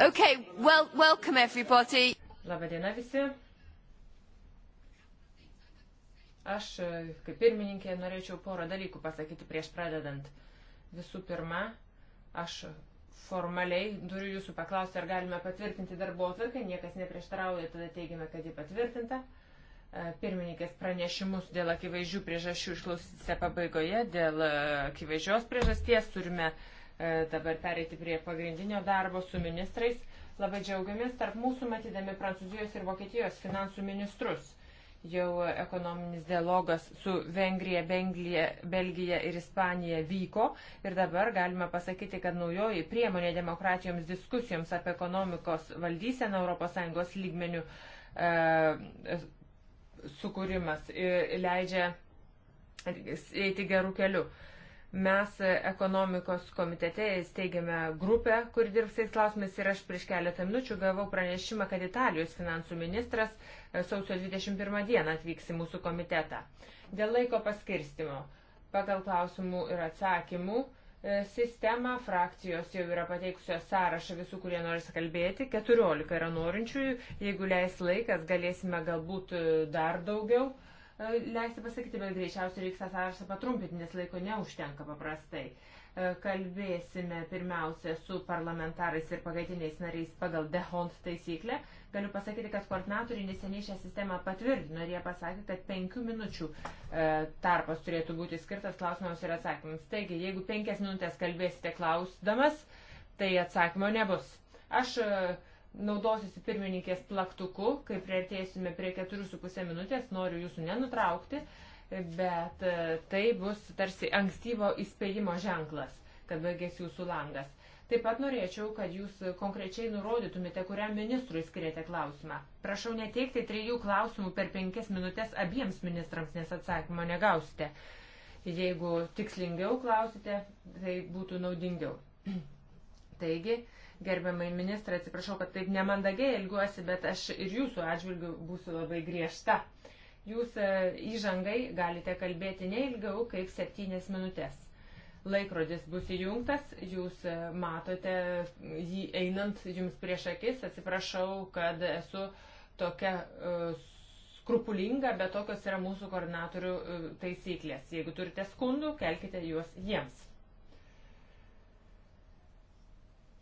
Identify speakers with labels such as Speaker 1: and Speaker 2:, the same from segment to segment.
Speaker 1: Okay, well, welcome everybody.
Speaker 2: Labadiena visi. Aš, e, kaip pirmininkė, norėčiau porą dalykų pasakyti prieš pradedant. Visų pirma, aš formaliai turiu jūsų paklausti, ar galime patvirtinti darbo atvarkę. Niekas neprieštarauja, tada teigiame, kad ji patvirtinta e, pirmininkės pranešimus dėl akivaizdžių priežasčių išklausysite pabaigoje, dėl e, akivaizdžios priežasties turime uh, E, dabar pereiti prie pagrindinio darbo su ministrais. Labai džiaugiamės tarp mūsų matydami Prancūzijos ir Vokietijos finansų ministrus. Jau ekonominis dialogas su Vengrija, Benglija, Belgija ir Ispanija vyko ir dabar galima pasakyti, kad naujoji priemonė demokratijoms diskusijoms apie ekonomikos valdyseną ES lygmenių e, sukūrimas e, leidžia eiti gerų kelių. E, Mes ekonomikos komitete įsteigėme grupę, kuri dirbs tais klausimais ir aš prieš keletą minučių gavau pranešimą, kad Italijos finansų ministras e, sausio 21 dieną atvyks į mūsų komitetą. Dėl laiko paskirstimo pagal klausimų ir atsakymų e, sistemą frakcijos jau yra pateikusios sąrašą visų, kurie nori kalbėti. 14 yra norinčiųjų. Jeigu leis laikas, galėsime galbūt e, dar daugiau E, leisti pasakyti, bet greičiausiai reiks tą sąrašą patrumpinti, nes laiko neužtenka paprastai. E, kalbėsime pirmiausia su parlamentarais ir pagaitiniais nariais pagal DEHONT taisyklę. Galiu pasakyti, kad koordinatoriai neseniai šią sistemą patvirtino ir jie pasakė, kad penkių minučių e, tarpas turėtų būti skirtas klausimams ir atsakymams. Taigi, jeigu penkias minutės kalbėsite klausdamas, tai atsakymo nebus. Aš e, naudosiuosi pirmininkės plaktuku, kai prieartėsime prie 4,5 minutės, noriu jūsų nenutraukti, bet e, tai bus tarsi ankstyvo įspėjimo ženklas, kad baigės jūsų langas. Taip pat norėčiau, kad jūs konkrečiai nurodytumėte, kuriam ministrui skiriate klausimą. Prašau neteikti trijų klausimų per penkias minutės abiems ministrams, nes atsakymo negausite. Jeigu tikslingiau klausite, tai būtų naudingiau. Taigi, gerbiamai ministrai, atsiprašau, kad taip nemandagiai elgiuosi, bet aš ir jūsų atžvilgiu būsiu labai griežta. Jūs e, įžangai galite kalbėti neilgiau kaip septynės minutės. Laikrodis bus įjungtas, jūs e, matote jį einant jums prieš akis. Atsiprašau, kad esu tokia e, skrupulinga, bet tokios yra mūsų koordinatorių taisyklės. Jeigu turite skundų, kelkite juos jiems.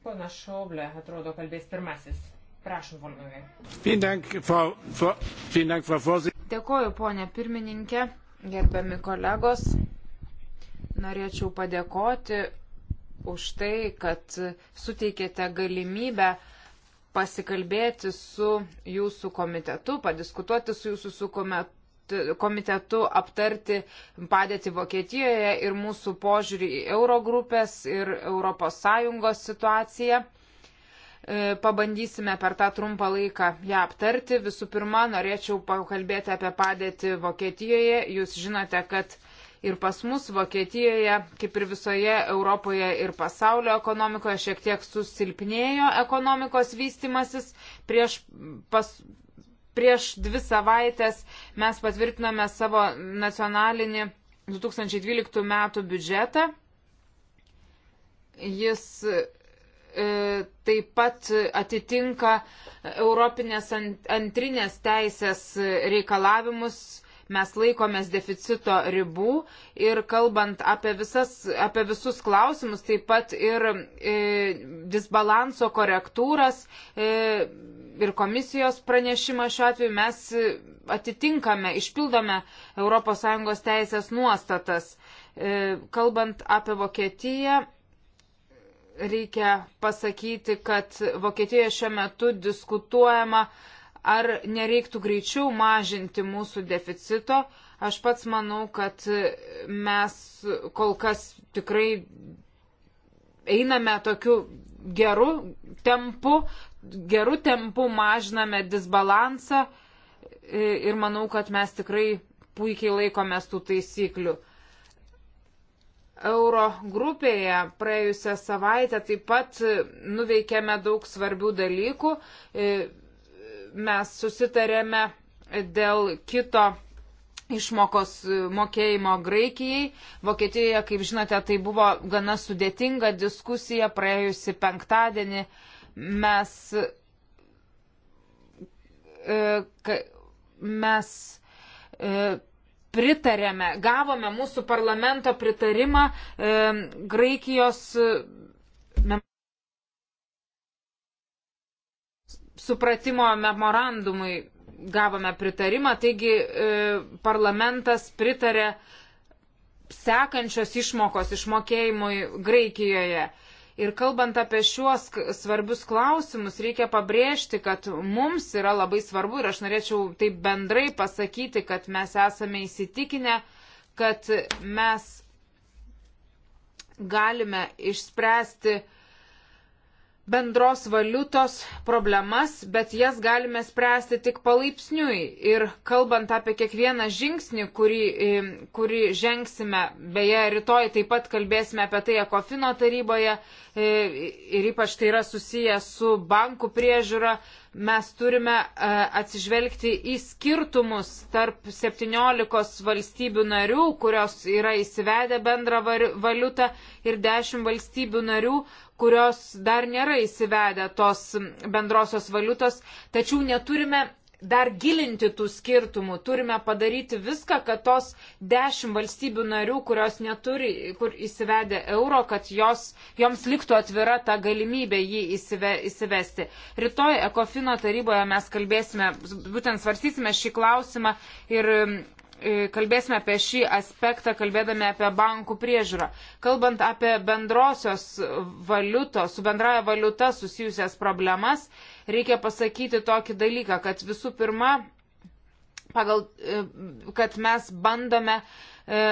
Speaker 2: Pana Šaublė, atrodo, kalbės pirmasis. Prašom, Volgangai.
Speaker 3: Dėkoju, ponė pirmininkė, gerbiami kolegos. Norėčiau padėkoti už tai, kad suteikėte galimybę pasikalbėti su jūsų komitetu, padiskutuoti su jūsų su komitetu komitetu aptarti padėti Vokietijoje ir mūsų požiūrį į Eurogrupės ir ES situaciją. E, pabandysime per tą trumpą laiką ją aptarti. Visų pirma, norėčiau pakalbėti apie padėtį Vokietijoje. Jūs žinote, kad ir pas mus Vokietijoje, kaip ir visoje Europoje ir pasaulio ekonomikoje, šiek tiek susilpnėjo ekonomikos vystimasis prieš pas, prieš dvi savaitės mes patvirtiname savo nacionalinį 2012 metų biudžetą. Jis e, taip pat atitinka Europinės antrinės teisės reikalavimus mes laikomės deficito ribų ir kalbant apie, visas, apie visus klausimus, taip pat ir e, disbalanso korektūras e, ir komisijos pranešimą šiuo atveju mes atitinkame, išpildome ES teisės nuostatas. E, kalbant apie Vokietiją, reikia pasakyti, kad Vokietijoje šiuo metu diskutuojama e, ar nereiktų greičiau mažinti mūsų deficito. Aš pats manau, kad mes kol kas tikrai einame tokiu geru tempu, geru tempu mažiname disbalansą e, ir manau, kad mes tikrai puikiai laikomės tų taisyklių. Euro grupėje praėjusią savaitę taip pat nuveikėme daug svarbių dalykų. E, mes susitarėme dėl kito išmokos mokėjimo Graikijai. Vokietijoje, kaip žinote, tai buvo gana sudėtinga diskusija praėjusi penktadienį. Mes, e, mes e, pritarėme, gavome mūsų parlamento pritarimą e, Graikijos supratimo memorandumui gavome pritarimą, taigi e, parlamentas pritarė sekančios išmokos išmokėjimui Graikijoje. Ir kalbant apie šiuos svarbius klausimus, reikia pabrėžti, kad mums yra labai svarbu ir aš norėčiau taip bendrai pasakyti, kad mes esame įsitikinę, kad mes galime išspręsti uh, bendros valiutos problemas, bet jas galime spręsti tik palaipsniui. Ir kalbant apie kiekvieną žingsnį, kurį, e, kurį žengsime, beje, rytoj taip pat kalbėsime apie tai Ekofino taryboje e, ir ypač tai yra susiję su bankų priežiūra, mes turime e, atsižvelgti į skirtumus tarp 17 valstybių narių, kurios yra įsivedę bendrą valiutą ir 10 valstybių narių, kurios dar nėra įsivedę tos bendrosios valiutos, tačiau neturime dar gilinti tų skirtumų, turime padaryti viską, kad tos dešimt valstybių narių, kurios neturi, kur įsivedė euro, kad jos, joms liktų atvira ta galimybė jį įsive, įsivesti. Rytoj Ekofino taryboje mes kalbėsime, būtent svarstysime šį klausimą ir E, kalbėsime apie šį aspektą, kalbėdami apie bankų priežiūrą. Kalbant apie bendrosios valiutos, su bendraja valiuta susijusias problemas, reikia pasakyti tokį dalyką, kad visų pirma, pagal, e, kad mes bandome e,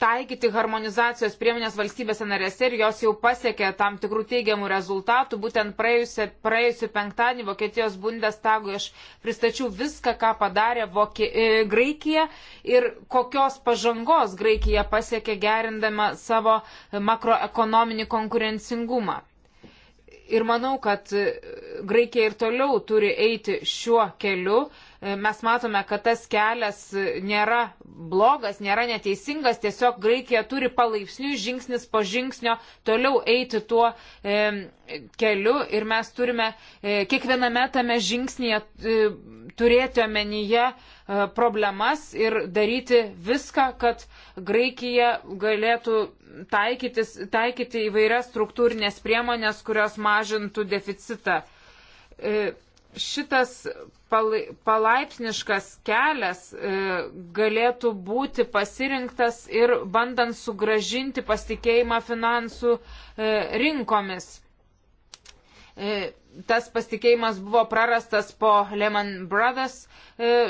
Speaker 3: taikyti harmonizacijos priemonės valstybėse narėse ir jos jau pasiekė tam tikrų teigiamų rezultatų. Būtent praėjusią, praėjusią penktadienį Vokietijos Bundestagui aš pristačiau viską, ką padarė Vokie, e, Graikija ir kokios pažangos Graikija pasiekė gerindama savo makroekonominį konkurencingumą. Ir manau, kad Graikija ir toliau turi eiti šiuo keliu. E, mes matome, kad tas kelias nėra blogas, nėra neteisingas, tiesiog Graikija turi palaipsniui žingsnis po žingsnio toliau eiti tuo e, keliu ir mes turime e, kiekviename tame žingsnėje e, turėti omenyje e, problemas ir daryti viską, kad Graikija galėtų taikytis, taikyti įvairias struktūrinės priemonės, kurios mažintų deficitą. E, šitas palaipsniškas kelias e, galėtų būti pasirinktas ir bandant sugražinti pasitikėjimą finansų e, rinkomis. E, tas pasitikėjimas buvo prarastas po Lehman Brothers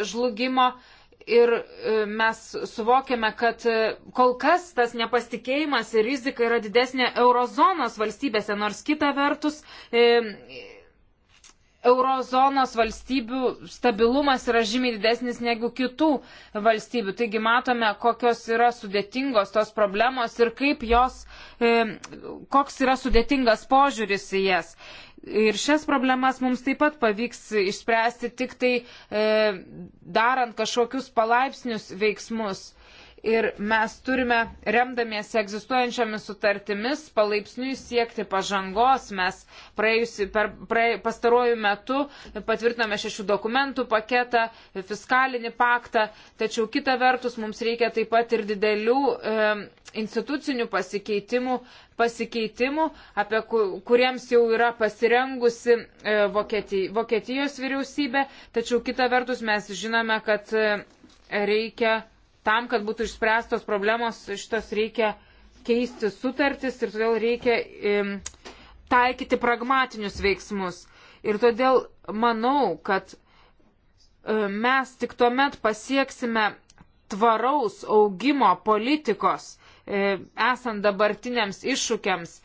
Speaker 3: žlugimo ir mes suvokiame, kad kol kas tas nepasitikėjimas ir rizika yra didesnė eurozonos valstybėse, nors kita vertus eurozonos valstybių stabilumas yra žymiai didesnis negu kitų valstybių. Taigi matome, kokios yra sudėtingos tos problemos ir kaip jos, e, koks yra sudėtingas požiūris į jas. Ir šias problemas mums taip pat pavyks išspręsti tik tai e, darant kažkokius palaipsnius veiksmus ir mes turime, remdamiesi egzistuojančiomis sutartimis, palaipsniui siekti pažangos. Mes praėjusi, per, praė, pastaruoju metu patvirtiname šešių dokumentų paketą, fiskalinį paktą, tačiau kita vertus mums reikia taip pat ir didelių e, institucinių pasikeitimų, pasikeitimų apie ku, kuriems jau yra pasirengusi e, Vokietijos, Vokietijos vyriausybė, tačiau kita vertus mes žinome, kad e, reikia tam, kad būtų išspręstos problemos, šitas reikia keisti sutartis ir todėl reikia im, taikyti pragmatinius veiksmus. Ir todėl manau, kad e, mes tik tuomet pasieksime tvaraus augimo politikos, e, esant dabartiniams iššūkiams,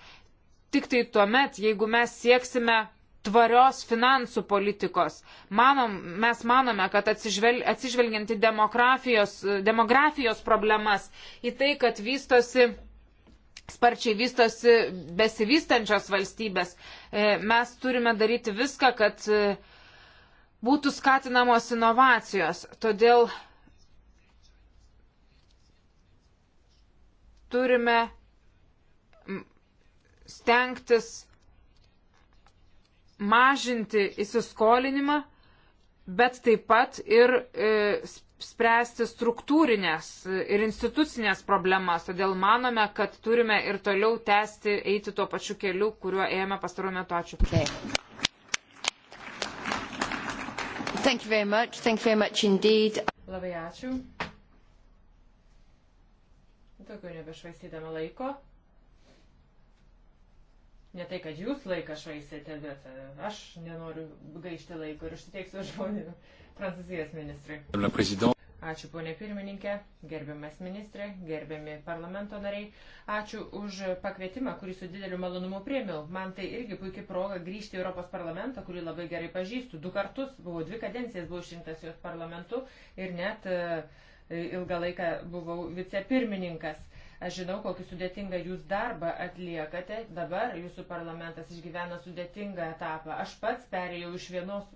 Speaker 3: tik tai tuomet, jeigu mes sieksime tvarios finansų politikos. Manom, mes manome, kad atsižvel, atsižvelgiant į demografijos problemas, į tai, kad vystosi, sparčiai vystosi besivystančios valstybės, e, mes turime daryti viską, kad e, būtų skatinamos inovacijos. Todėl turime stengtis mažinti įsiskolinimą, bet taip pat ir e, spręsti struktūrinės e, ir institucinės problemas. Todėl manome, kad turime ir toliau tęsti eiti tuo pačiu keliu, kuriuo ėjome pastaruoju metu. Ačiū. Okay.
Speaker 1: Thank you very much. Thank you very much indeed.
Speaker 2: Labai ačiū. Daugiau nebešvaistydama laiko. Ne tai, kad jūs laiką švaisėte, bet e, aš nenoriu gaišti laiko ir užsiteiksiu žmonių Prancūzijos ministrui. Ačiū, ponė pirmininkė, gerbiamas ministrė, gerbiami parlamento nariai. Ačiū už pakvietimą, kurį su dideliu malonumu priemiau. Man tai irgi puikia proga grįžti į Europos parlamentą, kurį labai gerai pažįstu. Du kartus buvau, dvi kadencijas buvau išrinktas jos parlamentu ir net uh, ilgą laiką buvau vicepirmininkas. Aš žinau, kokį sudėtingą jūs darbą atliekate. Dabar jūsų parlamentas išgyvena sudėtingą etapą. Aš pats perėjau iš vienos,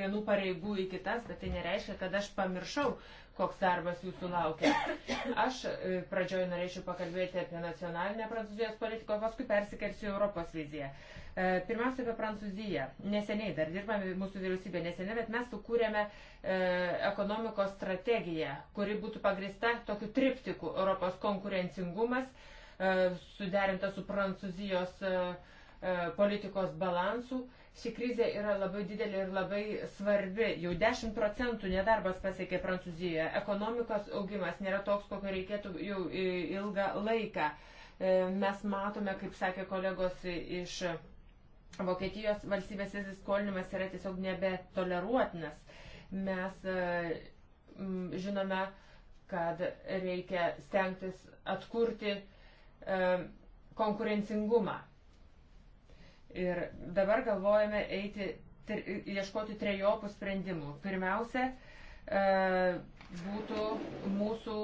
Speaker 2: vienų pareigų į kitas, bet tai nereiškia, kad aš pamiršau, koks darbas jūsų laukia. Aš e, pradžioj norėčiau pakalbėti apie nacionalinę Prancūzijos politiką, o paskui persikelsiu Europos viziją. E, pirmiausia, apie Prancūziją. Neseniai dar dirbame mūsų vyriausybė neseniai, bet mes sukūrėme e, ekonomikos strategiją, kuri būtų pagrista tokiu triptiku Europos konkurencingumas, e, suderinta su Prancūzijos politikos balansu. Ši krizė yra labai didelė ir labai svarbi. Jau 10 procentų nedarbas pasiekė Prancūzijoje. Ekonomikos augimas nėra toks, kokio reikėtų jau ilgą laiką. Mes matome, kaip sakė kolegos iš Vokietijos valstybės įsiskolinimas yra tiesiog nebetoleruotinas. Mes e, žinome, kad reikia stengtis atkurti e, konkurencingumą. Ir dabar galvojame eiti, ieškoti trejopų sprendimų. Pirmiausia, e, būtų mūsų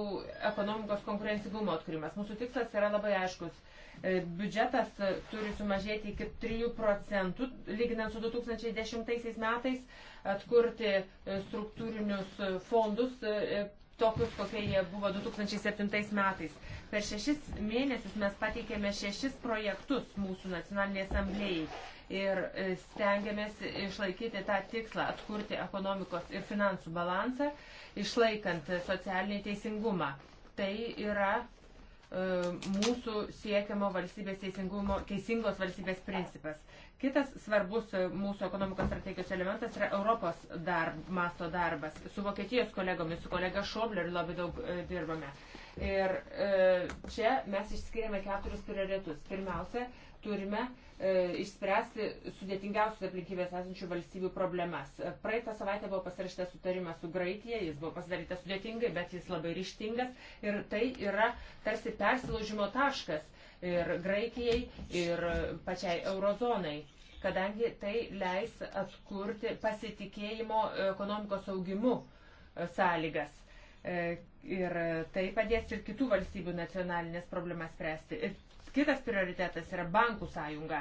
Speaker 2: ekonomikos konkurencingumo atkūrimas. Mūsų tikslas yra labai aiškus E, biudžetas e, turi sumažėti iki 3 procentų, lyginant su 2010 metais, atkurti e, struktūrinius fondus tokius, kokie jie buvo 2007 metais. Per šešis mėnesius mes pateikėme šešis projektus mūsų nacionaliniai asamblėjai ir stengiamės išlaikyti tą tikslą atkurti ekonomikos ir finansų balansą, išlaikant socialinį teisingumą. Tai yra E, mūsų siekiamo valstybės teisingumo, teisingos valstybės principas. Kitas svarbus e, mūsų ekonomikos strategijos elementas yra Europos darb, masto darbas. Su Vokietijos kolegomis, su kolega Šobleriu labai daug e, dirbame. Ir čia mes išskiriame keturis prioritetus. Pirmiausia, turime e, išspręsti sudėtingiausius aplinkybės esančių valstybių problemas. E, praeitą savaitę buvo pasirašytas sutarimas su Graikija, jis buvo pasidarytas sudėtingai, bet jis labai ryštingas ir tai yra tarsi persilaužimo taškas ir Graikijai, ir pačiai eurozonai kadangi tai leis atkurti pasitikėjimo ekonomikos augimu e, sąlygas. Ir tai padės ir kitų valstybių nacionalinės problemas spręsti. Ir Kitas prioritetas yra bankų sąjunga.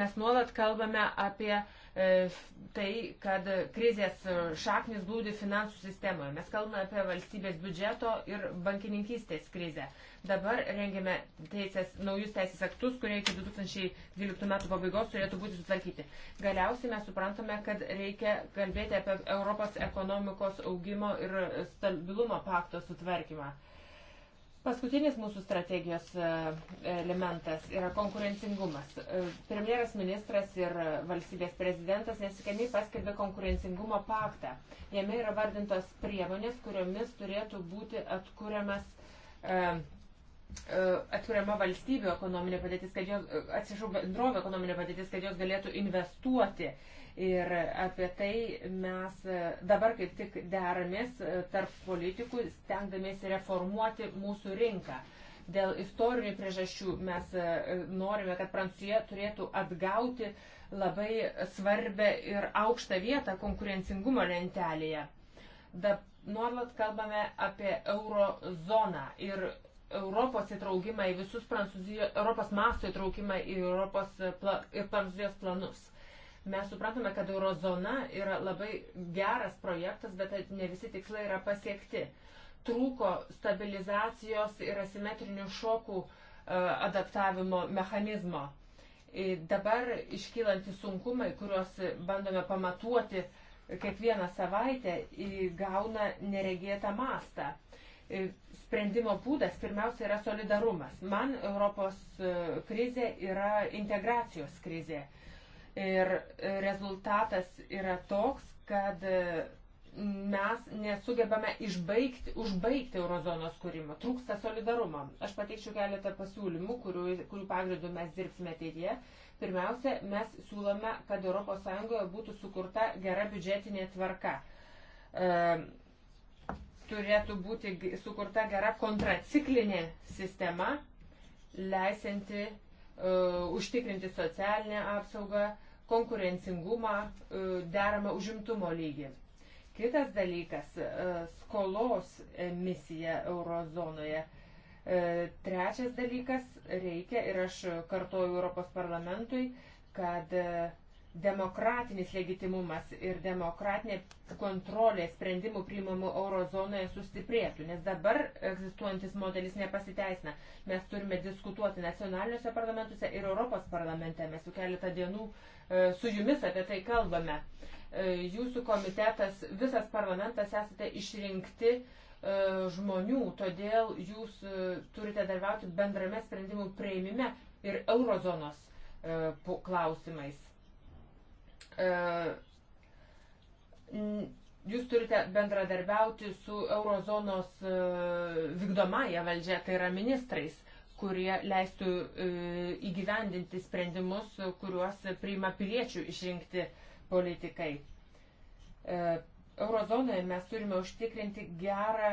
Speaker 2: Mes nuolat kalbame apie e, tai, kad krizės šaknis glūdi finansų sistemoje. Mes kalbame apie valstybės biudžeto ir bankininkystės krizę. Dabar rengiame teisės, naujus teisės aktus, kurie iki 2012 metų pabaigos turėtų būti sutvarkyti. Galiausiai mes suprantame, kad reikia kalbėti apie Europos ekonomikos augimo ir stabilumo pakto sutvarkymą. E, Paskutinis mūsų strategijos e, elementas yra konkurencingumas. E, premjeras ministras ir valstybės prezidentas nesikeniai paskelbė konkurencingumo paktą. Jame yra vardintos priemonės, kuriomis turėtų būti atkuriamas e, atkuriama valstybių ekonominė padėtis, kad jos, atsižau, bendrovė ekonominė padėtis, kad jos galėtų investuoti Ir apie tai mes e, dabar kaip tik deramės e, tarp politikų, stengdamės reformuoti mūsų rinką. Dėl istorinių priežasčių mes e, norime, kad Prancūzija turėtų atgauti labai svarbę ir aukštą vietą konkurencingumo lentelėje. Dab, nuolat kalbame apie eurozoną ir Europos įtraukimą į visus Prancūzijos, Europos masto įtraukimą į Europos pla, ir Prancūzijos planus. Mes suprantame, kad eurozona yra labai geras projektas, bet ne visi tikslai yra pasiekti. Trūko stabilizacijos ir asimetrinių šokų e, adaptavimo mechanizmo. Dabar iškylantys sunkumai, kuriuos bandome pamatuoti kiekvieną savaitę, įgauna neregėtą mastą sprendimo būdas pirmiausia yra solidarumas. Man Europos e, krizė yra integracijos krizė. Ir rezultatas yra toks, kad mes nesugebame išbaigti, užbaigti eurozonos kūrimo, trūksta solidarumo. Aš pateikčiau keletą pasiūlymų, kurių, kurių pagrindų mes dirbsime ateityje. Pirmiausia, mes siūlome, kad ES būtų sukurta gera biudžetinė tvarka. E, turėtų būti sukurta gera kontraciklinė sistema, leisinti e, užtikrinti socialinę apsaugą, e, konkurencingumą, e, deramą užimtumo lygį. Kitas dalykas e, - skolos emisija eurozonoje. E, trečias dalykas - reikia, ir aš kartoju Europos parlamentui, kad demokratinis legitimumas ir demokratinė kontrolė sprendimų priimamų eurozonoje sustiprėtų, nes dabar egzistuojantis modelis nepasiteisina. Mes turime diskutuoti nacionaliniuose parlamentuose ir Europos parlamente. Mes jau keletą dienų e, su jumis apie tai kalbame. E, jūsų komitetas, visas parlamentas esate išrinkti e, žmonių, todėl jūs turite dalyvauti bendrame sprendimų prieimime ir eurozonos klausimais E, jūs turite bendradarbiauti su eurozonos e, vykdomąją valdžią, tai yra ministrais, kurie leistų e, įgyvendinti sprendimus, kuriuos priima piliečių išrinkti politikai. Eurozonoje mes turime užtikrinti gerą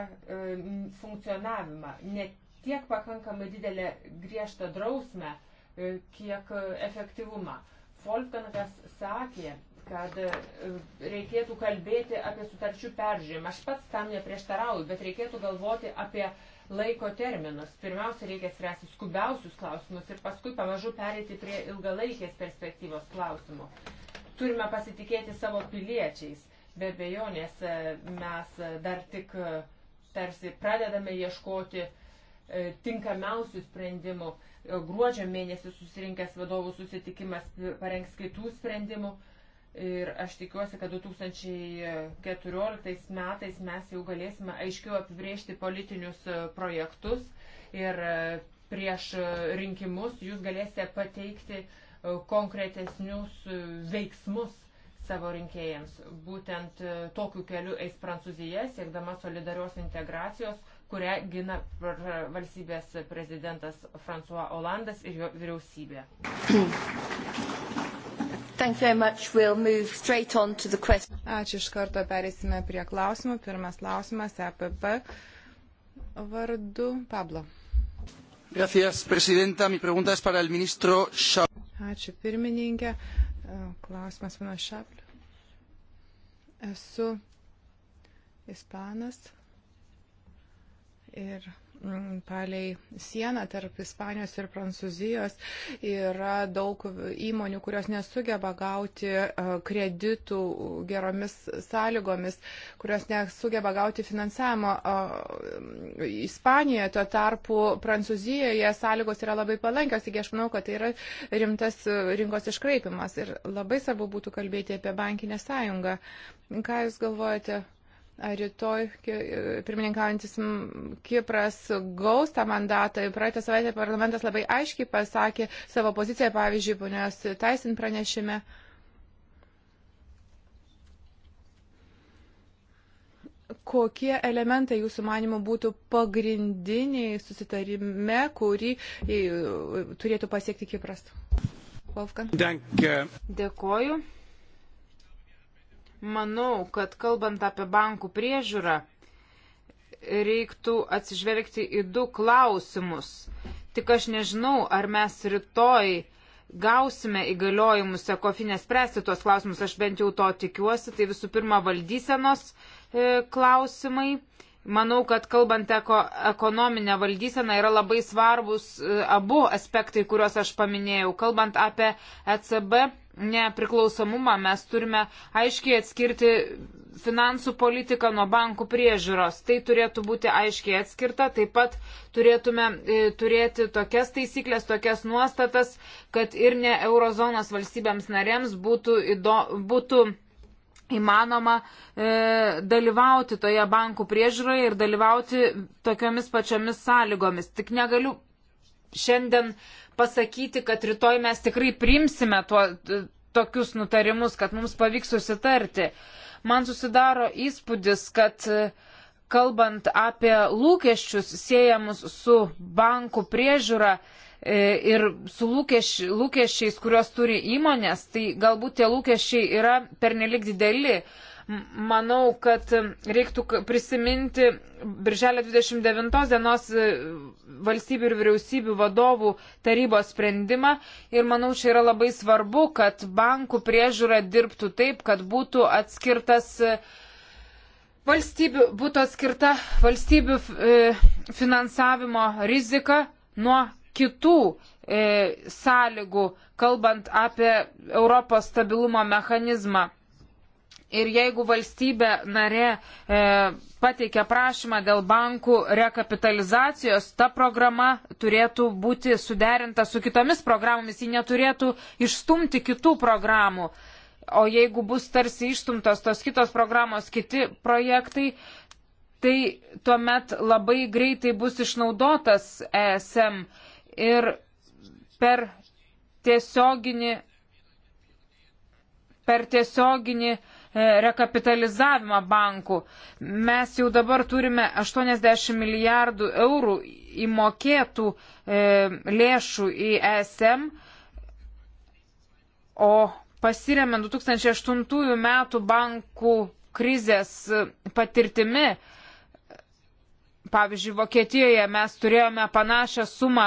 Speaker 2: funkcionavimą, ne tiek pakankamai didelę griežtą drausmę, kiek efektyvumą. Volfgangas sakė, kad e, reikėtų kalbėti apie sutarčių peržiūrimą. Aš pats tam neprieštarauju, bet reikėtų galvoti apie laiko terminus. Pirmiausia, reikia spręsti skubiausius klausimus ir paskui pamažu perėti prie ilgalaikės perspektyvos klausimų. Turime pasitikėti savo piliečiais. Be bejonės e, mes e, dar tik tarsi pradedame ieškoti uh, E, tinkamiausių sprendimų. E, gruodžio mėnesį susirinkęs vadovų susitikimas parengs kitų sprendimų. Ir aš tikiuosi, kad 2014 metais mes jau galėsime aiškiau apibriežti politinius e, projektus ir prieš rinkimus jūs galėsite pateikti konkretesnius veiksmus savo rinkėjams. Būtent tokiu keliu eis Prancūzija, siekdama solidarios integracijos kurią gina valstybės prezidentas François Olandas ir jo vyriausybė. We'll
Speaker 4: Ačiū iš karto perėsime prie klausimų. Pirmas klausimas EPP vardu Pablo.
Speaker 1: Gracias, presidenta. Mi pregunta es para el ministro Šapliu.
Speaker 4: Ačiū pirmininkė. E, klausimas mano Šapliu. Esu ispanas Ir mm, palei sieną tarp Ispanijos ir Prancūzijos yra daug įmonių, kurios nesugeba gauti e, kreditų geromis sąlygomis, kurios nesugeba gauti finansavimo. Mm, Ispanijoje tuo tarpu Prancūzijoje sąlygos yra labai palankios, taigi aš manau, kad tai yra rimtas e, rinkos iškraipimas. Ir labai svarbu būtų kalbėti apie bankinę sąjungą. Ką Jūs galvojate? rytoj pirmininkaujantis Kipras gaus tą mandatą. Praeitą savaitę parlamentas labai aiškiai pasakė savo poziciją, pavyzdžiui, ponios Taisin pranešime. Kokie elementai jūsų manimų būtų pagrindiniai susitarime, kurį turėtų pasiekti Kipras? Wolfgang. Dank. Dėkoju.
Speaker 3: Manau, kad kalbant apie bankų priežiūrą, reiktų atsižvelgti į du klausimus. Tik aš nežinau, ar mes rytoj gausime įgaliojimus ekofinė spręsti tuos klausimus, aš bent jau to tikiuosi, tai visų pirma valdysenos e, klausimai. Manau, kad kalbant eko, ekonominę valdyseną yra labai svarbus e, abu aspektai, kuriuos aš paminėjau. Kalbant apie ECB nepriklausomumą mes turime aiškiai atskirti finansų politiką nuo bankų priežiūros. Tai turėtų būti aiškiai atskirta. Taip pat turėtume e, turėti tokias taisyklės, tokias nuostatas, kad ir ne eurozonos valstybėms narėms būtų, įdo, būtų įmanoma e, dalyvauti toje bankų priežiūroje ir dalyvauti tokiomis pačiomis sąlygomis. Tik negaliu šiandien e, pasakyti, kad rytoj mes tikrai primsime tuo, tokius nutarimus, kad mums pavyks susitarti. Man susidaro įspūdis, kad e, kalbant apie lūkesčius siejamus su bankų priežiūra, e, ir su lūkeš, lūkesčiais, kuriuos turi įmonės, tai galbūt tie lūkesčiai yra pernelik dideli manau, kad reiktų prisiminti Birželio 29 dienos e, valstybių ir vyriausybių vadovų tarybos sprendimą ir manau, čia yra labai svarbu, kad bankų priežiūra dirbtų taip, kad būtų atskirtas e, valstybių, būtų atskirta valstybių e, finansavimo rizika nuo kitų e, sąlygų, kalbant apie Europos stabilumo mechanizmą. Ir jeigu valstybė narė e, pateikia prašymą dėl bankų rekapitalizacijos, ta programa turėtų būti suderinta su kitomis programomis, ji neturėtų išstumti kitų programų. O jeigu bus tarsi išstumtos tos kitos programos, kiti projektai, tai tuomet labai greitai bus išnaudotas ESM ir per tiesioginį, per tiesioginį uh, E, rekapitalizavimą bankų. Mes jau dabar turime 80 milijardų eurų įmokėtų e, lėšų į ESM, o pasiremiant 2008 metų bankų krizės patirtimi, Pavyzdžiui, Vokietijoje mes turėjome panašią sumą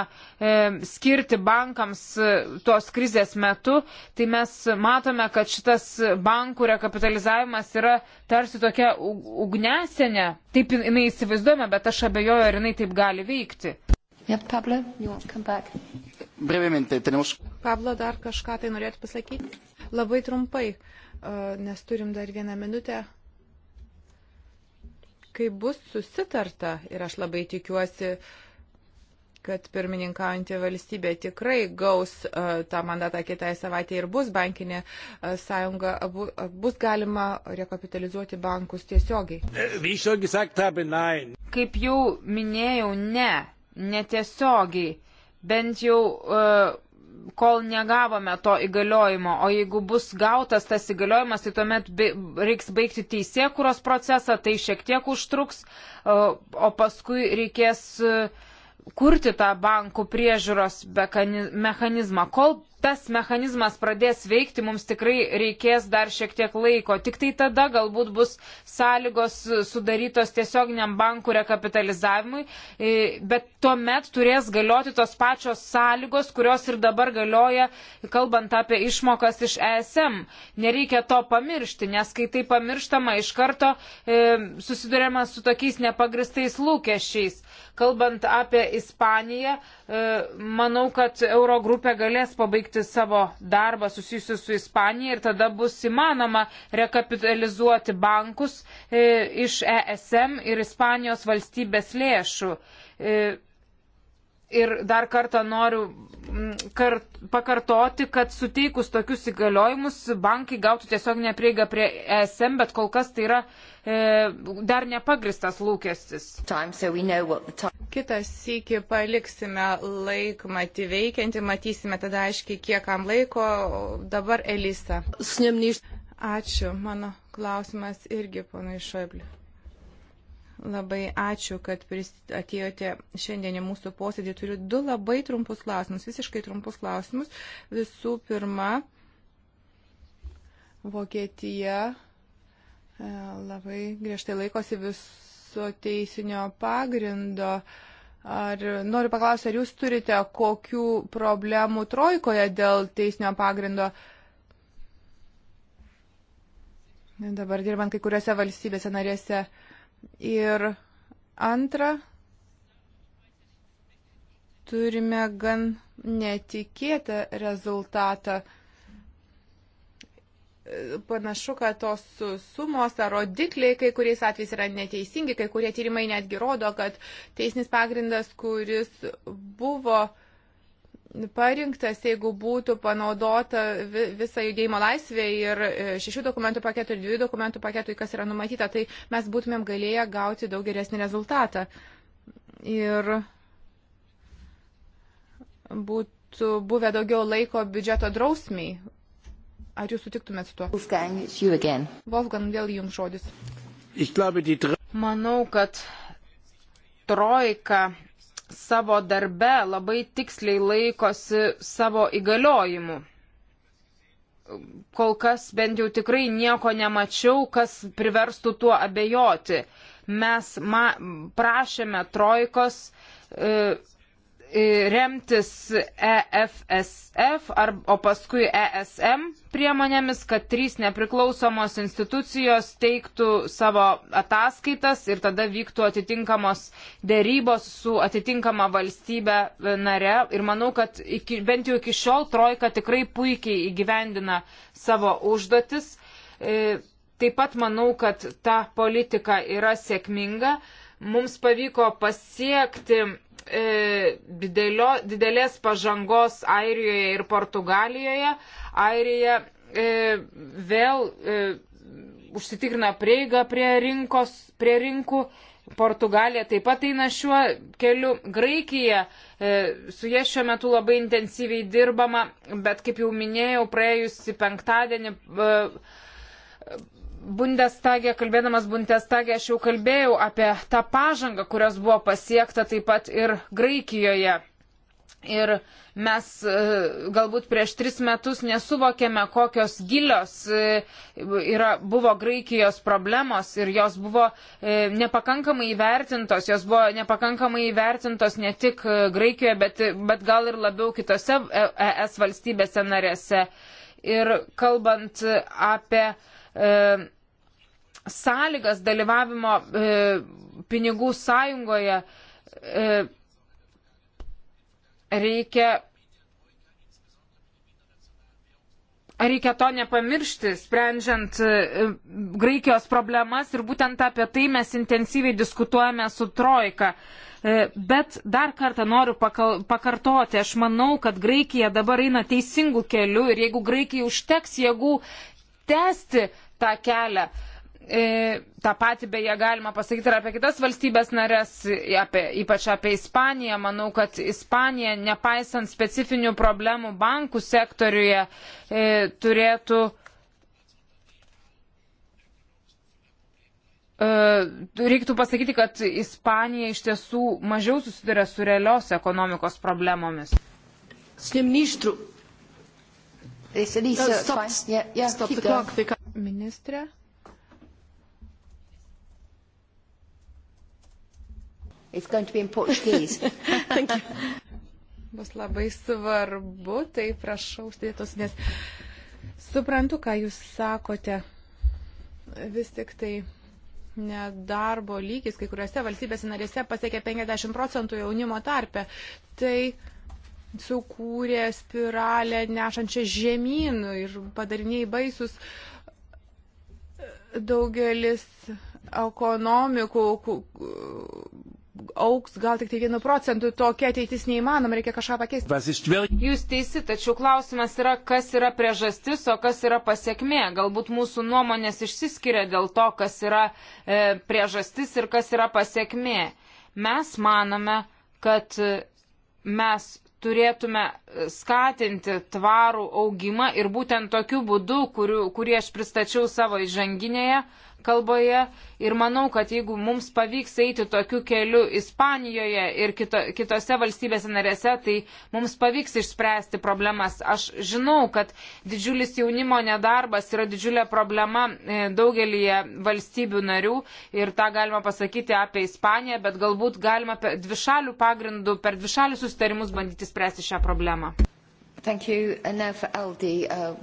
Speaker 3: e, skirti bankams e, tos krizės metu, tai mes matome, kad šitas bankų rekapitalizavimas yra tarsi tokia ugnesenė. Taip jinai įsivaizduojama, bet aš abejoju, ar jinai taip gali veikti.
Speaker 4: Yeah, Pablo,
Speaker 1: Brevemente, tenemos...
Speaker 4: Pablo, dar kažką tai norėtų pasakyti? Labai trumpai, e, nes turim dar vieną minutę kai bus susitarta ir aš labai tikiuosi, kad pirmininkaujantį valstybę tikrai gaus uh, tą mandatą kitai savaitė ir bus bankinė uh, sąjunga, abu, e, bus galima rekapitalizuoti bankus tiesiogiai.
Speaker 3: Kaip jau minėjau, ne, netiesiogiai. Bent jau uh, kol negavome to įgaliojimo, o jeigu bus gautas tas įgaliojimas, tai tuomet reiks baigti teisėkuros procesą, tai šiek tiek užtruks, o paskui reikės e, kurti tą bankų priežiūros mechanizmą. Kol tas mechanizmas pradės veikti, mums tikrai reikės dar šiek tiek laiko. Tik tai tada galbūt bus sąlygos sudarytos tiesioginiam bankų rekapitalizavimui, e, bet tuomet turės galioti tos pačios sąlygos, kurios ir dabar galioja, kalbant apie išmokas iš ESM. Nereikia to pamiršti, nes kai tai pamirštama, iš karto e, susidurėma su tokiais nepagristais lūkesčiais. Kalbant apie Ispaniją, e, manau, kad Eurogrupė galės pabaigti atlikti savo darbą susijusiu su Ispanija ir tada bus įmanoma rekapitalizuoti bankus e, iš ESM ir Ispanijos valstybės lėšų. E, ir dar kartą noriu mm, kart, pakartoti, kad suteikus tokius įgaliojimus, bankai gautų tiesiog neprieigą prie ESM, bet kol kas tai yra e, dar nepagristas
Speaker 4: lūkestis. Time, so time... Kitas sėki paliksime laikmatį veikiantį, matysime tada aiškiai, kiek kam laiko. Dabar Elisa. Ačiū, mano klausimas irgi, ponai Šoibliu. Labai ačiū, kad atėjote šiandien į mūsų posėdį. Turiu du labai trumpus klausimus, visiškai trumpus klausimus. Visų pirma, Vokietija e, labai griežtai laikosi viso teisinio pagrindo. Ar noriu paklausti, ar jūs turite kokių problemų trojkoje dėl teisinio pagrindo? Dabar dirbant kai kuriuose valstybėse narėse. Uh, Ir antra, turime gan netikėtą rezultatą. Panašu, kad tos sumos ar rodikliai kai kuriais atvejais yra neteisingi, kai kurie tyrimai netgi rodo, kad teisnis pagrindas, kuris buvo uh, parinktas, jeigu būtų panaudota visa judėjimo laisvė ir e, šešių dokumentų paketų ir dviejų dokumentų paketų, kas yra numatyta, tai mes būtumėm galėję gauti daug geresnį rezultatą. Ir būtų buvę daugiau laiko biudžeto drausmiai. Ar jūs sutiktumėt su tuo? Wolfgang, Wolfgang vėl jums žodis. Glaube, die... Manau, kad
Speaker 3: trojka savo darbe labai tiksliai laikosi savo įgaliojimų. Kol kas bent jau tikrai nieko nemačiau, kas priverstų tuo abejoti. Mes prašėme trojkos e, remtis EFSF, ar, o paskui ESM priemonėmis, kad trys nepriklausomos institucijos teiktų savo ataskaitas ir tada vyktų atitinkamos dėrybos su atitinkama valstybė e, nare. Ir manau, kad iki, bent jau iki šiol Trojka tikrai puikiai įgyvendina savo užduotis. E, taip pat manau, kad ta politika yra sėkminga. Mums pavyko pasiekti e, didelio, didelės pažangos Airijoje ir Portugalijoje. Airija e, vėl e, užsitikrina prieigą prie, rinkos, prie rinkų. Portugalija taip pat eina šiuo keliu. Graikija, e, su jie šiuo metu labai intensyviai dirbama, bet kaip jau minėjau, praėjusį penktadienį e, Bundestagė, kalbėdamas Bundestagė, aš jau kalbėjau apie tą pažangą, kurios buvo pasiekta taip pat ir Graikijoje. Ir mes e, galbūt prieš tris metus nesuvokėme, kokios gilios e, yra, buvo Graikijos problemos ir jos buvo e, nepakankamai įvertintos, jos buvo nepakankamai įvertintos ne tik Graikijoje, bet, bet gal ir labiau kitose ES valstybėse narėse. Ir kalbant apie e, sąlygas dalyvavimo e, pinigų sąjungoje e, reikia, reikia to nepamiršti, sprendžiant e, Graikijos problemas ir būtent apie tai mes intensyviai diskutuojame su Trojka. E, bet dar kartą noriu pakal, pakartoti, aš manau, kad Graikija dabar eina teisingų kelių ir jeigu Graikijai užteks jėgų tęsti tą kelią, e, E, tą patį beje galima pasakyti ir apie kitas valstybės narės, apie, ypač apie Ispaniją. Manau, kad Ispanija, nepaisant specifinių problemų bankų sektoriuje, e, turėtų e, Reiktų pasakyti, kad Ispanija iš tiesų mažiau susiduria su realios ekonomikos problemomis.
Speaker 4: Ministrė. It's going to be in Portuguese. Thank you. Bus labai svarbu, tai prašau uždėtos, nes suprantu, ką jūs sakote. Vis tik tai nedarbo lygis kai kuriuose valstybėse narėse pasiekė 50 procentų jaunimo tarpe. Tai sukūrė spiralę nešančią žemyn ir padariniai baisus daugelis ekonomikų auks gal tik tai vienu procentu, tokia ateitis neįmanoma, reikia kažką
Speaker 1: pakeisti.
Speaker 3: Jūs teisi, tačiau klausimas yra, kas yra priežastis, o kas yra pasiekmė. Galbūt mūsų nuomonės išsiskiria dėl to, kas yra e, priežastis ir kas yra pasiekmė. Mes manome, kad e, mes turėtume skatinti tvarų augimą ir būtent tokiu būdu, kuriu, kurį aš pristačiau savo įžanginėje kalboje ir manau, kad jeigu mums pavyks eiti tokiu keliu Ispanijoje ir kito, kitose valstybėse narėse, tai mums pavyks išspręsti problemas. Aš žinau, kad didžiulis jaunimo nedarbas yra didžiulė problema e, daugelį valstybių narių ir tą galima pasakyti apie Ispaniją, bet galbūt galima dvišalių pagrindų per dvišalių sustarimus bandyti spręsti šią problemą.
Speaker 4: Thank you. And uh, now for LD. Uh...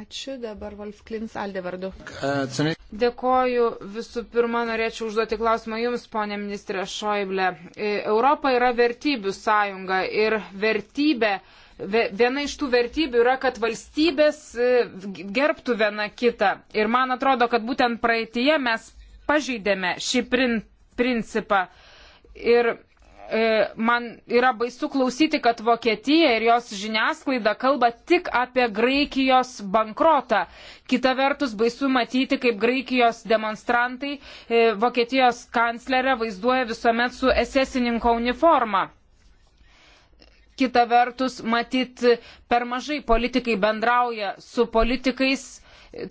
Speaker 4: Ačiū dabar Wolf Klins Aldė
Speaker 3: vardu. Uh, Dėkoju. Visų pirma, norėčiau užduoti klausimą Jums, ponė ministrė Šoiblė. E, Europa yra vertybių sąjunga ir vertybė viena iš tų vertybių yra, kad valstybės e, gerbtų viena kitą. Ir man atrodo, kad būtent praeitie mes pažeidėme šį prin principą. Ir E, man yra baisu klausyti, kad Vokietija ir jos žiniasklaida kalba tik apie Graikijos bankrotą. Kita vertus, baisu matyti, kaip Graikijos demonstrantai e, Vokietijos kanclerę vaizduoja visuomet su esesininko uniforma. Kita vertus, matyti, per mažai politikai bendrauja su politikais.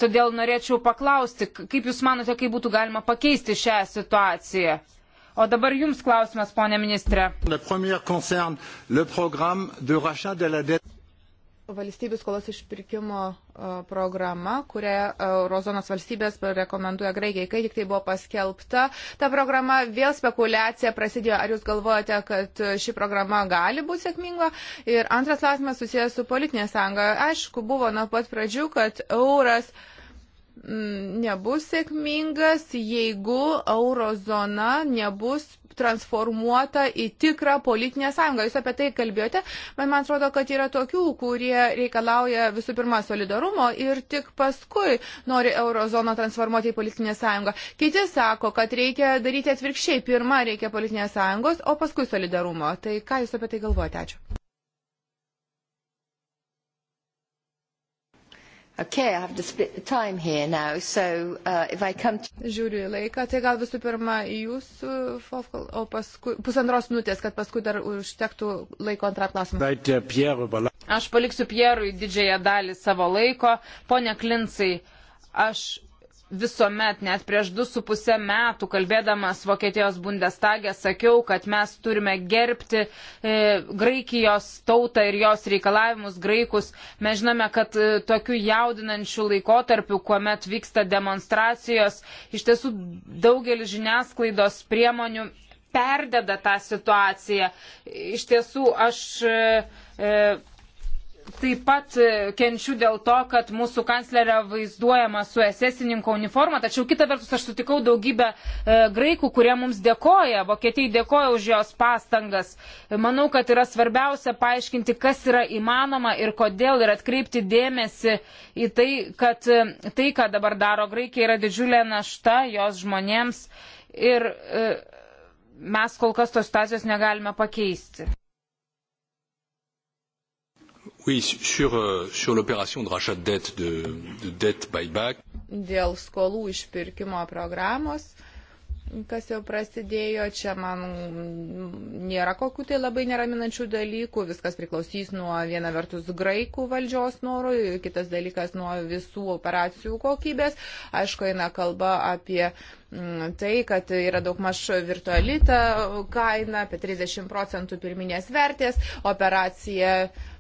Speaker 3: Todėl norėčiau paklausti, kaip Jūs manote, kaip būtų galima pakeisti šią situaciją? O dabar jums klausimas, ponė ministrė.
Speaker 4: Valstybių skolos išpirkimo e, programa, kurią e, Eurozonos valstybės rekomenduoja Graikijai. Kai tik tai buvo paskelbta, ta programa vėl spekulacija prasidėjo. Ar jūs galvojate, kad ši programa gali būti sėkminga? Ir antras klausimas susijęs su politinė sąjunga. Aišku, buvo nuo pat pradžių, kad euras. Uh, nebus sėkmingas, jeigu eurozona nebus transformuota į tikrą politinę sąjungą. Jūs apie tai kalbėjote, bet man atrodo, kad yra tokių, kurie reikalauja visų pirma solidarumo ir tik paskui nori eurozoną transformuoti į politinę sąjungą. Kiti sako, kad reikia daryti atvirkščiai. Pirma reikia politinės sąjungos, o paskui solidarumo. Tai ką Jūs apie tai galvojate? Ačiū. Okay, I have to split the time here now, so uh, if I come to... Žiūriu į laiką, tai gal visų pirma jūsų, Fofkal, o paskui pusantros minutės, kad paskui dar užtektų laiko antrą klausimą.
Speaker 1: Uh,
Speaker 4: aš paliksiu Pierui
Speaker 3: didžiąją dalį savo laiko.
Speaker 4: Pone Klincai,
Speaker 3: aš visuomet, net prieš du su pusę metų, kalbėdamas Vokietijos bundestagė, sakiau, kad mes turime gerbti e, Graikijos tautą ir jos reikalavimus graikus. Mes žinome, kad e, tokiu jaudinančiu laikotarpiu, kuomet vyksta demonstracijos, iš tiesų daugelis žiniasklaidos priemonių perdeda tą situaciją. Iš tiesų, aš. E, e taip pat e, kenčiu dėl to, kad mūsų kanclerė vaizduojama su esesininko uniforma, tačiau kita vertus aš sutikau daugybę e, graikų, kurie mums dėkoja, vokietiai dėkoja už jos pastangas. Manau, kad yra svarbiausia paaiškinti, kas yra įmanoma ir kodėl ir atkreipti dėmesį į tai, kad e, tai, ką dabar daro Graikija, yra didžiulė našta jos žmonėms ir e, mes kol kas tos stacijos negalime pakeisti.
Speaker 1: Oui, sur, euh, sur l'opération de rachat de dette, de, de dette buyback.
Speaker 4: Dėl skolų išpirkimo programos, kas jau prasidėjo, čia man nėra kokių tai labai neraminančių dalykų, viskas priklausys nuo viena vertus graikų valdžios norų, kitas dalykas nuo visų operacijų kokybės. Aišku, eina kalba apie mm, tai, kad yra daugmaž virtualita kaina, apie 30 procentų pirminės vertės, operacija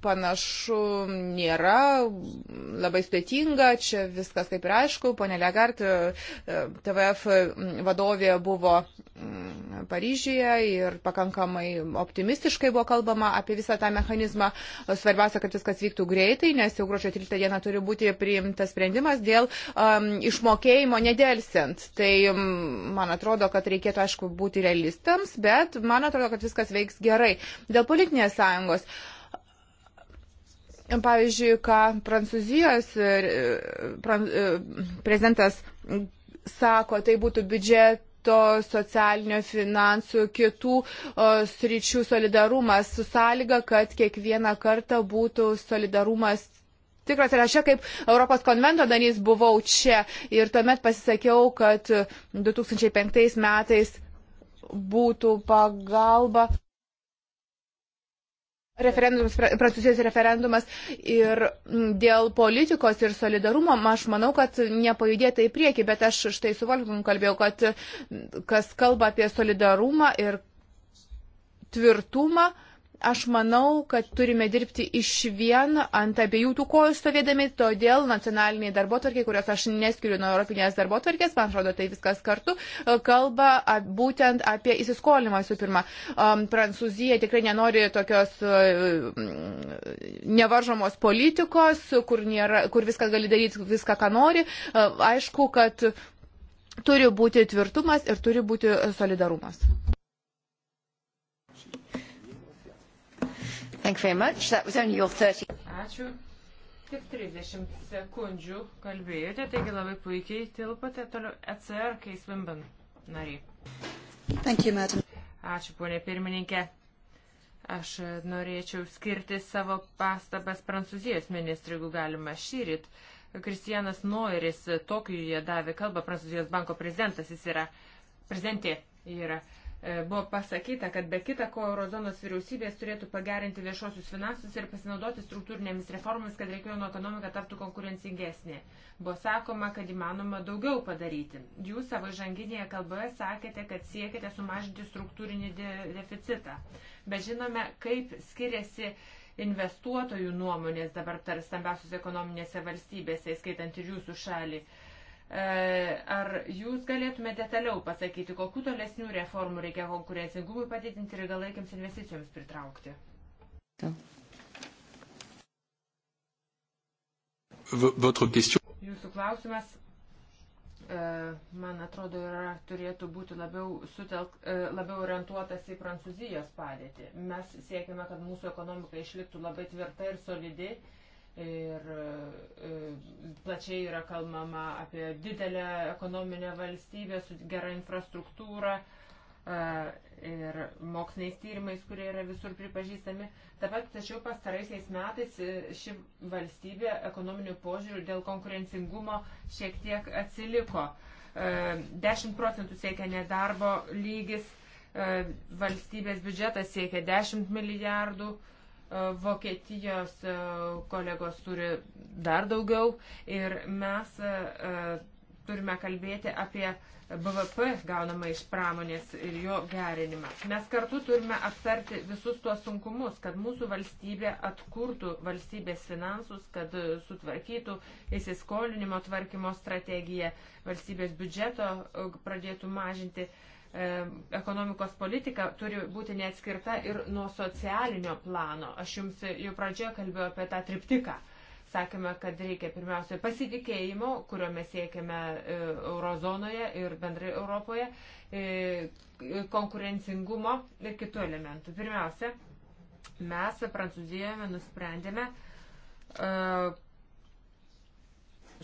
Speaker 4: panašu nėra labai sudėtinga, čia viskas kaip ir aišku, ponė Legart, e, TVF vadovė buvo mm, Paryžiuje ir pakankamai optimistiškai buvo kalbama apie visą tą mechanizmą. Svarbiausia, kad viskas vyktų greitai, nes jau gruodžio 13 dieną turi būti priimtas sprendimas dėl um, išmokėjimo nedelsiant. Tai um, man atrodo, kad reikėtų, aišku, būti realistams, bet man atrodo, kad viskas veiks gerai. Dėl politinės sąjungos. Uh, Pavyzdžiui, ką Prancūzijos e, pran, e, prezidentas sako, tai būtų biudžet biudžeto, socialinio finansų, kitų o, sričių solidarumas su sąlyga, kad kiekvieną kartą būtų solidarumas. Tikras ir aš čia kaip Europos konvento danys buvau čia ir tuomet pasisakiau, kad 2005 metais būtų pagalba referendumas, prancūzijos referendumas ir mm, dėl politikos ir solidarumo, aš manau, kad nepajudėta į priekį, bet aš štai su Volkum kalbėjau, kad mm, kas kalba apie solidarumą ir tvirtumą, Aš manau, kad turime dirbti iš vien ant abiejų tų kojų stovėdami, todėl nacionaliniai darbotvarkiai, kurios aš neskiriu nuo europinės darbotvarkės, man atrodo, tai viskas kartu, e, kalba būtent apie įsiskolimą visų pirma. Prancūzija tikrai nenori tokios e, nevaržomos politikos, kur, nėra, kur viskas gali daryti viską, ką nori. E, aišku, kad turi būti tvirtumas ir turi būti solidarumas.
Speaker 1: Thank you very much. That was only your 30.
Speaker 2: Ačiū. Tik 30 sekundžių kalbėjote, taigi labai puikiai tilpote toliau ECR Keisvimban nariai. Thank you, madam. Ačiū, ponė pirmininkė. Aš norėčiau skirti savo pastabas Prancūzijos ministrui, jeigu galima šyrit. Kristijanas Noiris Tokijuje davė kalbą, Prancūzijos banko prezidentas jis yra, prezidentė yra. Uh, E, buvo pasakyta, kad be kita ko eurozonos vyriausybės turėtų pagerinti viešosius finansus ir pasinaudoti struktūrinėmis reformomis, kad regiono ekonomika taptų konkurencingesnė. Buvo sakoma, kad įmanoma daugiau padaryti. Jūs savo žanginėje kalboje sakėte, kad siekite sumažinti struktūrinį de deficitą. Bet žinome, kaip skiriasi investuotojų nuomonės dabar tarp stambiausios ekonominėse valstybėse, įskaitant ir jūsų šalį. Uh, E, ar jūs galėtumėte detaliau pasakyti, kokiu tolesnių reformų reikia konkurencingumui padidinti ir galaikiams investicijoms pritraukti? Jūsų klausimas, e, man atrodo, yra, turėtų būti labiau, sutelk, e, labiau orientuotas į Prancūzijos padėtį. Mes siekime, kad mūsų ekonomika išliktų labai tvirta ir solidi ir e, plačiai yra kalbama apie didelę ekonominę valstybę su gera infrastruktūra e, ir moksliniais tyrimais, kurie yra visur pripažįstami. Taip pat, tačiau pastaraisiais metais e, ši valstybė ekonominių požiūrių dėl konkurencingumo šiek tiek atsiliko. 10 procentų siekia nedarbo lygis, valstybės biudžetas siekia 10 milijardų eurų Vokietijos e, kolegos turi dar daugiau ir mes e, turime kalbėti apie BVP gaunamą iš pramonės ir jo gerinimą. Mes kartu turime aptarti visus tuos sunkumus, kad mūsų valstybė atkurtų valstybės finansus, kad sutvarkytų įsiskolinimo tvarkymo strategiją, valstybės biudžeto e, pradėtų mažinti. Uh, E, ekonomikos politika turi būti neatskirta ir nuo socialinio plano. Aš jums jau pradžioje kalbėjau apie tą triptiką. Sakėme, kad reikia pirmiausia pasitikėjimo, kurio mes siekiame e, eurozonoje ir bendrai Europoje, e, konkurencingumo ir kitų elementų. Pirmiausia, mes Prancūzijoje nusprendėme uh,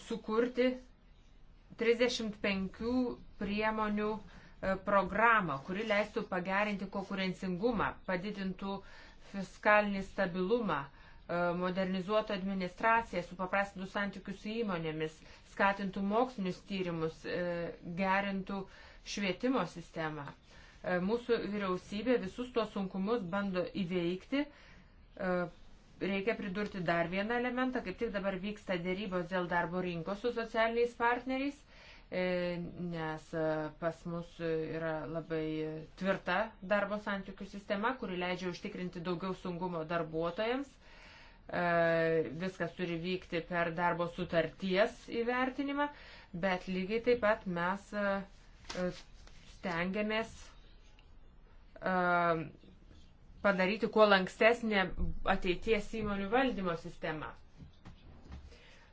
Speaker 2: sukurti 35 priemonių uh, E, programą, kuri leistų pagerinti konkurencingumą, padidintų fiskalinį stabilumą, e, modernizuotų administraciją, supaprastintų santykius su įmonėmis, skatintų mokslinius tyrimus, e, gerintų švietimo sistemą. Mūsų vyriausybė visus tuos sunkumus bando įveikti. Reikia pridurti dar vieną elementą, kaip tik dabar vyksta dėrybos dėl darbo rinkos su socialiniais partneriais E, nes e, pas mus yra labai tvirta darbo santykių sistema, kuri leidžia užtikrinti daugiau sungumo darbuotojams. E, viskas turi vykti per darbo sutarties įvertinimą, bet lygiai taip pat mes stengiamės padaryti kuo lankstesnė ateities įmonių valdymo sistema.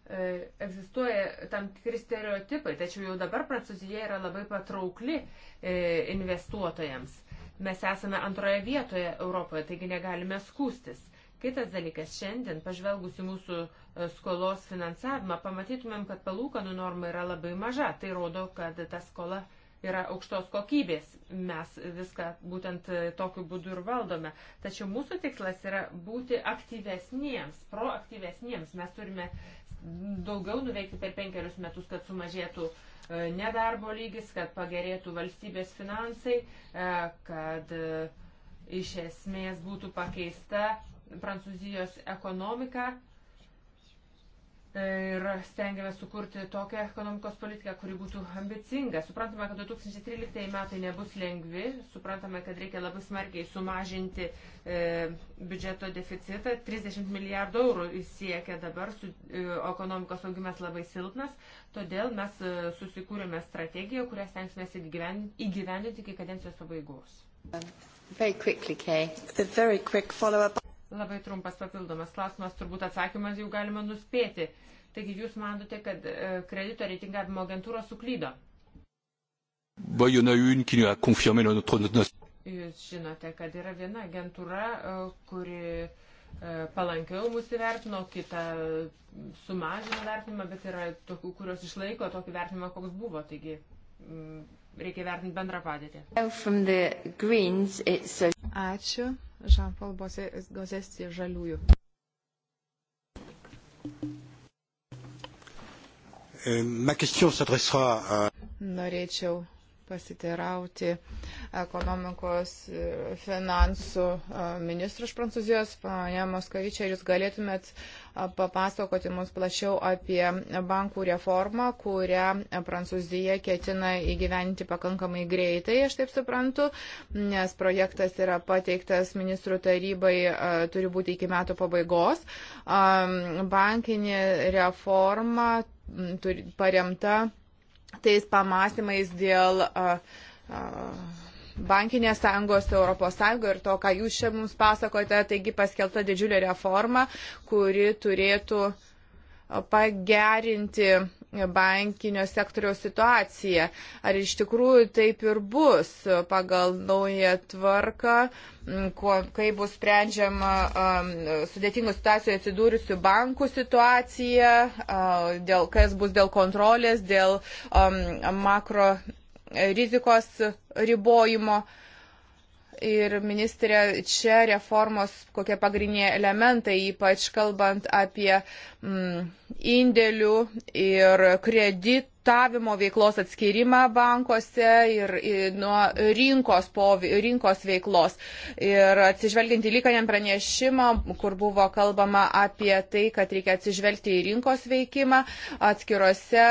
Speaker 2: E, egzistuoja tam tikri stereotipai, tačiau jau dabar Prancūzija yra labai patraukli e, investuotojams. Mes esame antroje vietoje Europoje, taigi negalime skūstis. Kitas dalykas, šiandien pažvelgus į mūsų e, skolos finansavimą, pamatytumėm, kad palūkanų norma yra labai maža. Tai rodo, kad ta skola yra aukštos kokybės. Mes viską būtent tokiu būdu ir valdome. Tačiau mūsų tikslas yra būti aktyvesniems, proaktyvesniems. Mes turime daugiau nuveikti per penkerius metus, kad sumažėtų e, nedarbo lygis, kad pagerėtų valstybės finansai, e, kad e, iš esmės būtų pakeista Prancūzijos ekonomika ir stengiame sukurti tokią ekonomikos politiką, kuri būtų ambicinga. Suprantame, kad 2013 metai nebus lengvi, suprantame, kad reikia labai smarkiai sumažinti e, biudžeto deficitą. 30 milijardų eurų siekia dabar, su, e, ekonomikos augimas labai silpnas, todėl mes e, susikūrėme strategiją, kurią stengsime įgyvendinti iki kadencijos pabaigos. Very quickly, Kay. The very quick follow-up. Labai trumpas papildomas klausimas, turbūt atsakymas jau galima nuspėti. Taigi jūs manote, kad e, kredito reitingavimo agentūros suklydo?
Speaker 1: Bah, il y en a une qui a confirmé notre, notre...
Speaker 2: Jūs žinote, kad yra viena agentūra, e, kuri e, palankiau mūsų vertino, kita sumažino vertinimą, bet yra tokių, kurios išlaiko tokį vertinimą, koks buvo. Taigi reikia vertinti bendrą padėtį.
Speaker 4: Greens, a... Ačiū. Jean-Paul Gozesti, Žaliųjų.
Speaker 1: Euh,
Speaker 4: Norėčiau pasiteirauti ekonomikos finansų e, ministrų iš Prancūzijos, pane Moskavičia, ar jūs galėtumėt e, papasakoti mums plačiau apie bankų reformą, kurią Prancūzija ketina įgyventi pakankamai greitai, aš taip suprantu, nes projektas yra pateiktas ministrų tarybai, e, turi būti iki metų pabaigos. Bankinė reforma paremta tais pamastymais dėl a, a, bankinės sąjungos Europos sąjungo ir to, ką jūs čia mums pasakote, taigi paskelta didžiulė reforma, kuri turėtų pagerinti bankinio sektoriaus situaciją. Ar iš tikrųjų taip ir bus pagal naują tvarką, kuo, kai bus sprendžiama um, sudėtingų situacijų atsidūrusių bankų situacija, uh, dėl, kas bus dėl kontrolės, dėl um, makro rizikos ribojimo. Uh, Ir ministrė, čia reformos kokie pagrindiniai elementai, ypač kalbant apie mm, indėlių ir kredit bankrutavimo veiklos atskirimą bankuose ir, ir nuo rinkos, povi, rinkos veiklos. Ir atsižvelgiant į lykanėm pranešimą, kur buvo kalbama apie tai, kad reikia atsižvelgti į rinkos veikimą atskiruose,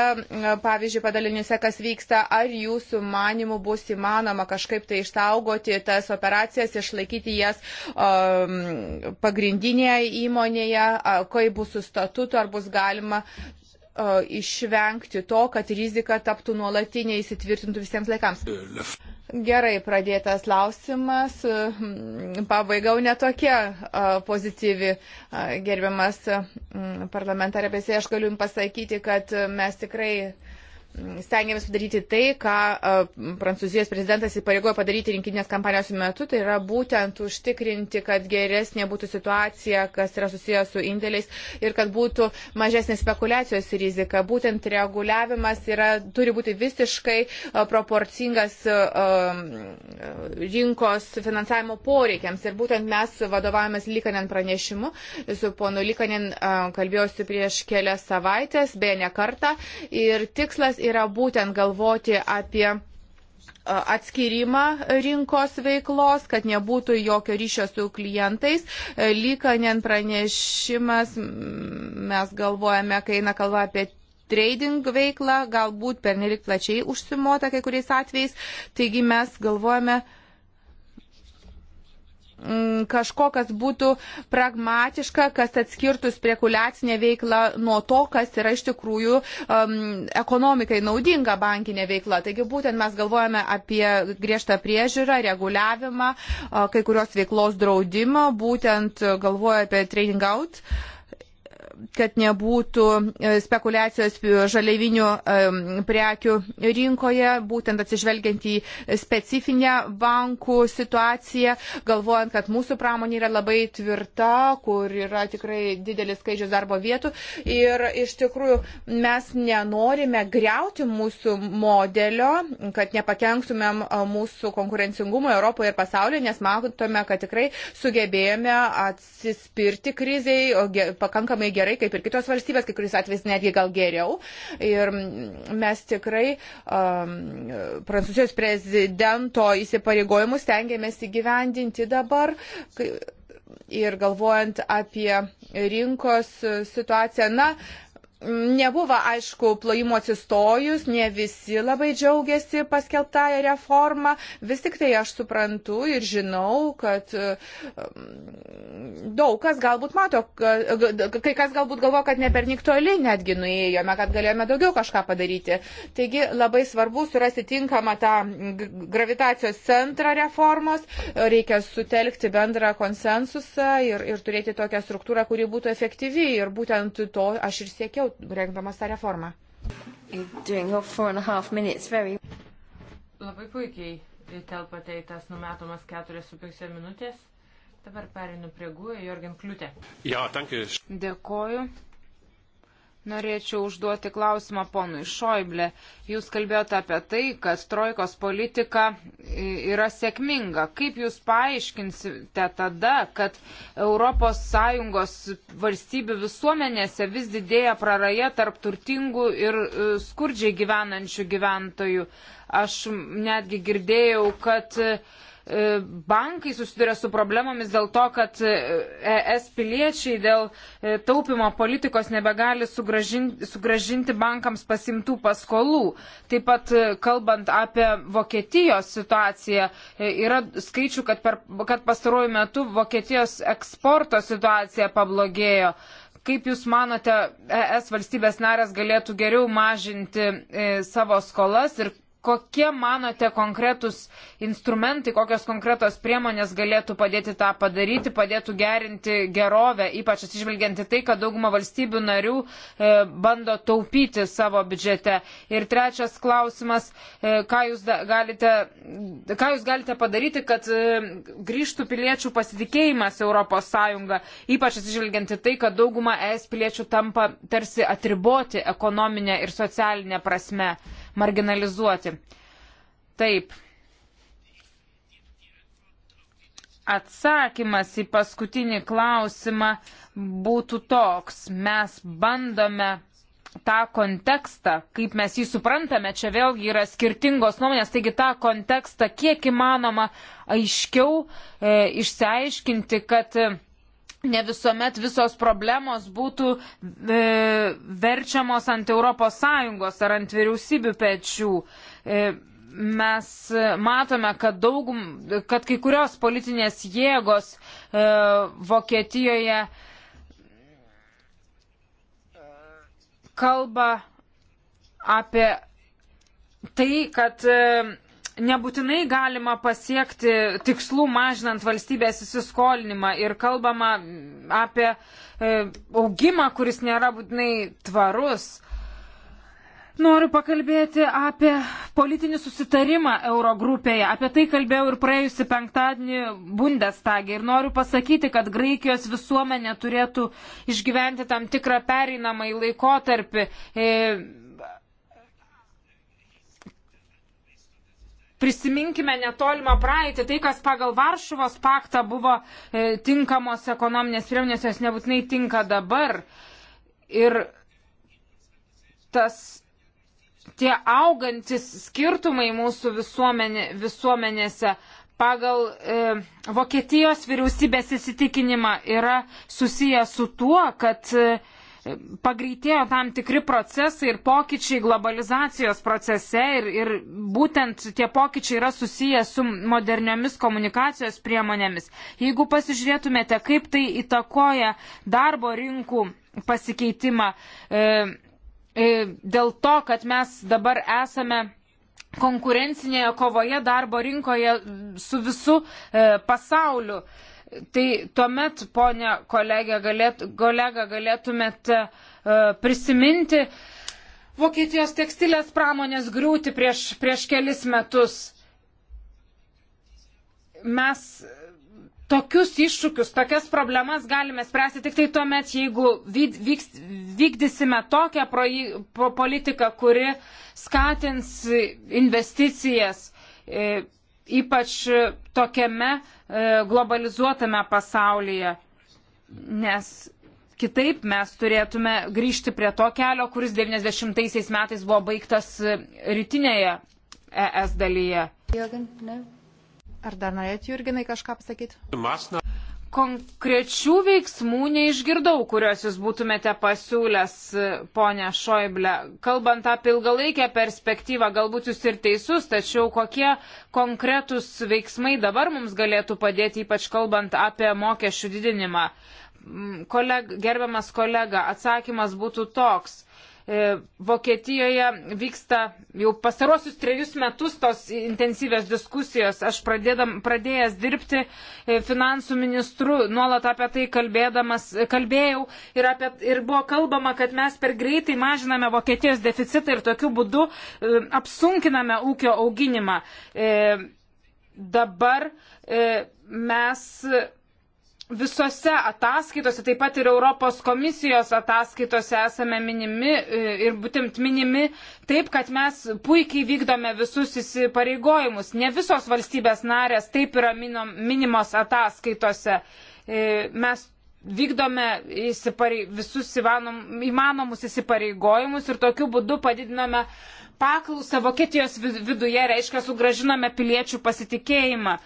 Speaker 4: pavyzdžiui, padaliniuose, kas vyksta, ar jūsų manimų bus įmanoma kažkaip tai išsaugoti tas operacijas, išlaikyti jas um, pagrindinėje įmonėje, kaip bus su statutu, ar bus galima išvengti to, kad rizika taptų nuolatinė įsitvirtintų visiems laikams. Gerai pradėtas klausimas, mm, pabaigau netokia pozityvi, gerbiamas mm, parlamentarė, bet aš galiu jums pasakyti, kad mes tikrai stengiamės padaryti tai, ką Prancūzijos prezidentas įpareigojo padaryti rinkiminės kampanijos metu, tai yra būtent užtikrinti, kad geresnė būtų situacija, kas yra susijęs su indėliais ir kad būtų mažesnė spekulacijos rizika. Būtent reguliavimas yra, turi būti visiškai proporcingas rinkos finansavimo poreikiams. Ir būtent mes vadovavomės Likanen pranešimu, su ponu Likanen kalbėjausi prieš kelias savaitės, beje ne kartą. Ir tikslas yra būtent galvoti apie e, atskirimą rinkos veiklos, kad nebūtų jokio ryšio su klientais. E, Lykanen pranešimas, mes galvojame, kai eina kalba apie trading veiklą, galbūt pernelik plačiai užsimota kai kuriais atvejais. Taigi mes galvojame, Mm, kažko, kas būtų pragmatiška, kas atskirtų spekulacinę veiklą nuo to, kas yra iš tikrųjų um, ekonomikai naudinga bankinė veikla. Taigi būtent mes galvojame apie griežtą priežiūrą, reguliavimą, uh, kai kurios veiklos draudimą, būtent galvoja apie trading out. Uh, kad nebūtų e, spekulacijos žaliavinių e, prekių rinkoje, būtent atsižvelgiant į specifinę bankų situaciją, galvojant, kad mūsų pramonė yra labai tvirta, kur yra tikrai didelis skaičius darbo vietų. Ir iš tikrųjų mes nenorime greuti mūsų modelio, kad nepakenktumėm e, mūsų konkurencingumui Europoje ir pasaulyje, nes matome, kad tikrai sugebėjome atsispirti kriziai pakankamai gerai gerai kaip ir kitos valstybės, kai kuris atvejs netgi gal geriau. Ir mes tikrai um, Prancūzijos prezidento įsipareigojimus tengiamės įgyvendinti dabar. Kai, ir galvojant apie rinkos situaciją, na, Nebuvo, aišku, plojimo atsistojus, ne visi labai džiaugiasi paskelbtąją reformą, vis tik tai aš suprantu ir žinau, kad um, daug kas galbūt mato, kai kas galbūt galvo, kad ne pernik toli netgi nuėjome, kad galėjome daugiau kažką padaryti. Taigi labai svarbu surasti tinkamą tą gravitacijos centrą reformos, reikia sutelkti bendrą konsensusą ir, ir turėti tokią struktūrą, kuri būtų efektyvi ir būtent to aš ir siekiau toliau rengdamas
Speaker 1: tą reformą. Very...
Speaker 2: Labai puikiai telpate į tas numatomas keturias su pusė minutės. Dabar perinu prie guoja Jorgen Kliutė.
Speaker 1: Ja,
Speaker 3: Dėkoju. Norėčiau užduoti klausimą ponui Šoiblė. Jūs kalbėjote apie tai, kad trojkos politika yra sėkminga. Kaip jūs paaiškinsite tada, kad ES valstybių visuomenėse vis didėja praraja tarp turtingų ir e, skurdžiai gyvenančių gyventojų? Aš netgi girdėjau, kad uh, E, bankai susiduria su problemomis dėl to, kad ES e piliečiai dėl e, taupimo politikos nebegali sugražinti, sugražinti bankams pasimtų paskolų. Taip pat kalbant apie Vokietijos situaciją, yra skaičių, kad, per, kad pastaruoju metu Vokietijos eksporto situacija pablogėjo. Kaip Jūs manote, ES valstybės narės galėtų geriau mažinti e, savo skolas ir kokie manote konkretus instrumentai, kokios konkretos priemonės galėtų padėti tą padaryti, padėtų gerinti gerovę, ypač atsižvelgiant į tai, kad dauguma valstybių narių e, bando taupyti savo biudžete. Ir trečias klausimas, e, ką, jūs galite, ką jūs galite padaryti, kad e, grįžtų piliečių pasitikėjimas ES, ypač atsižvelgiant į tai, kad dauguma ES piliečių tampa tarsi atriboti ekonominė ir socialinė prasme marginalizuoti. Taip. Atsakymas į paskutinį klausimą būtų toks. Mes bandome tą kontekstą, kaip mes jį suprantame, čia vėlgi yra skirtingos nuomonės, taigi tą kontekstą kiek įmanoma aiškiau e, išsiaiškinti, kad e, ne visuomet visos problemos būtų e, verčiamos ant ES ar ant vyriausybių pečių. E, mes matome, kad, daug, kad kai kurios politinės jėgos e, Vokietijoje kalba apie tai, kad e, Nebūtinai galima pasiekti tikslų mažinant valstybės įsiskolinimą ir kalbama apie e, augimą, kuris nėra būtinai tvarus. Noriu pakalbėti apie politinį susitarimą Eurogrupėje. Apie tai kalbėjau ir praėjusi penktadienį Bundestagė. Ir noriu pasakyti, kad Graikijos visuomenė turėtų išgyventi tam tikrą pereinamąjį laikotarpį. E, prisiminkime netolimą praeitį, tai kas pagal Varšuvos paktą buvo e, tinkamos ekonominės priemonės, jos nebūtinai tinka dabar. Ir tas tie augantis skirtumai mūsų visuomenė, visuomenėse pagal e, Vokietijos vyriausybės įsitikinimą yra susiję su tuo, kad e, pagreitėjo tam tikri procesai ir pokyčiai globalizacijos procese ir, ir būtent tie pokyčiai yra susiję su moderniomis komunikacijos priemonėmis. Jeigu pasižiūrėtumėte, kaip tai įtakoja darbo rinkų pasikeitimą e, e, dėl to, kad mes dabar esame konkurencinėje kovoje darbo rinkoje su visu e, pasauliu. E, tai tuomet, ponia kolegė, galėt, kolega, galėtumėte uh, prisiminti Vokietijos tekstilės pramonės griūti prieš, prieš kelis metus. Mes tokius iššūkius, tokias problemas galime spręsti tik tai tuomet, jeigu vyks, vykdysime tokią pro, pro politiką, kuri skatins investicijas, e, ypač tokiame e, globalizuotame pasaulyje, nes kitaip mes turėtume grįžti prie to kelio, kuris 90-aisiais metais buvo baigtas e, rytinėje ES dalyje.
Speaker 4: Jürgen, ne? Ar dar norėt, Jurginai, kažką pasakyti?
Speaker 3: konkrečių veiksmų neišgirdau, kuriuos jūs būtumėte pasiūlęs, ponė Šoible. Kalbant apie ilgalaikę perspektyvą, galbūt jūs ir teisus, tačiau kokie konkretūs veiksmai dabar mums galėtų padėti, ypač kalbant apie mokesčių didinimą. Koleg, gerbiamas kolega, atsakymas būtų toks. E, Vokietijoje vyksta jau pastarosius trejus metus tos intensyvios diskusijos. Aš pradėdam, pradėjęs dirbti e, finansų ministru, nuolat apie tai kalbėdamas, e, kalbėjau ir, apie, ir buvo kalbama, kad mes per greitai mažiname Vokietijos deficitą ir tokiu būdu apsunkiname ūkio auginimą. Dabar mes visose ataskaitose, taip pat ir Europos komisijos ataskaitose esame minimi e, ir būtent minimi taip, kad mes puikiai vykdome visus įsipareigojimus. Ne visos valstybės narės taip yra minimos ataskaitose. E, mes vykdome įsiparei, visus įmanom, įmanomus įsipareigojimus ir tokiu būdu padidiname paklausą Vokietijos viduje, reiškia, sugražiname piliečių pasitikėjimą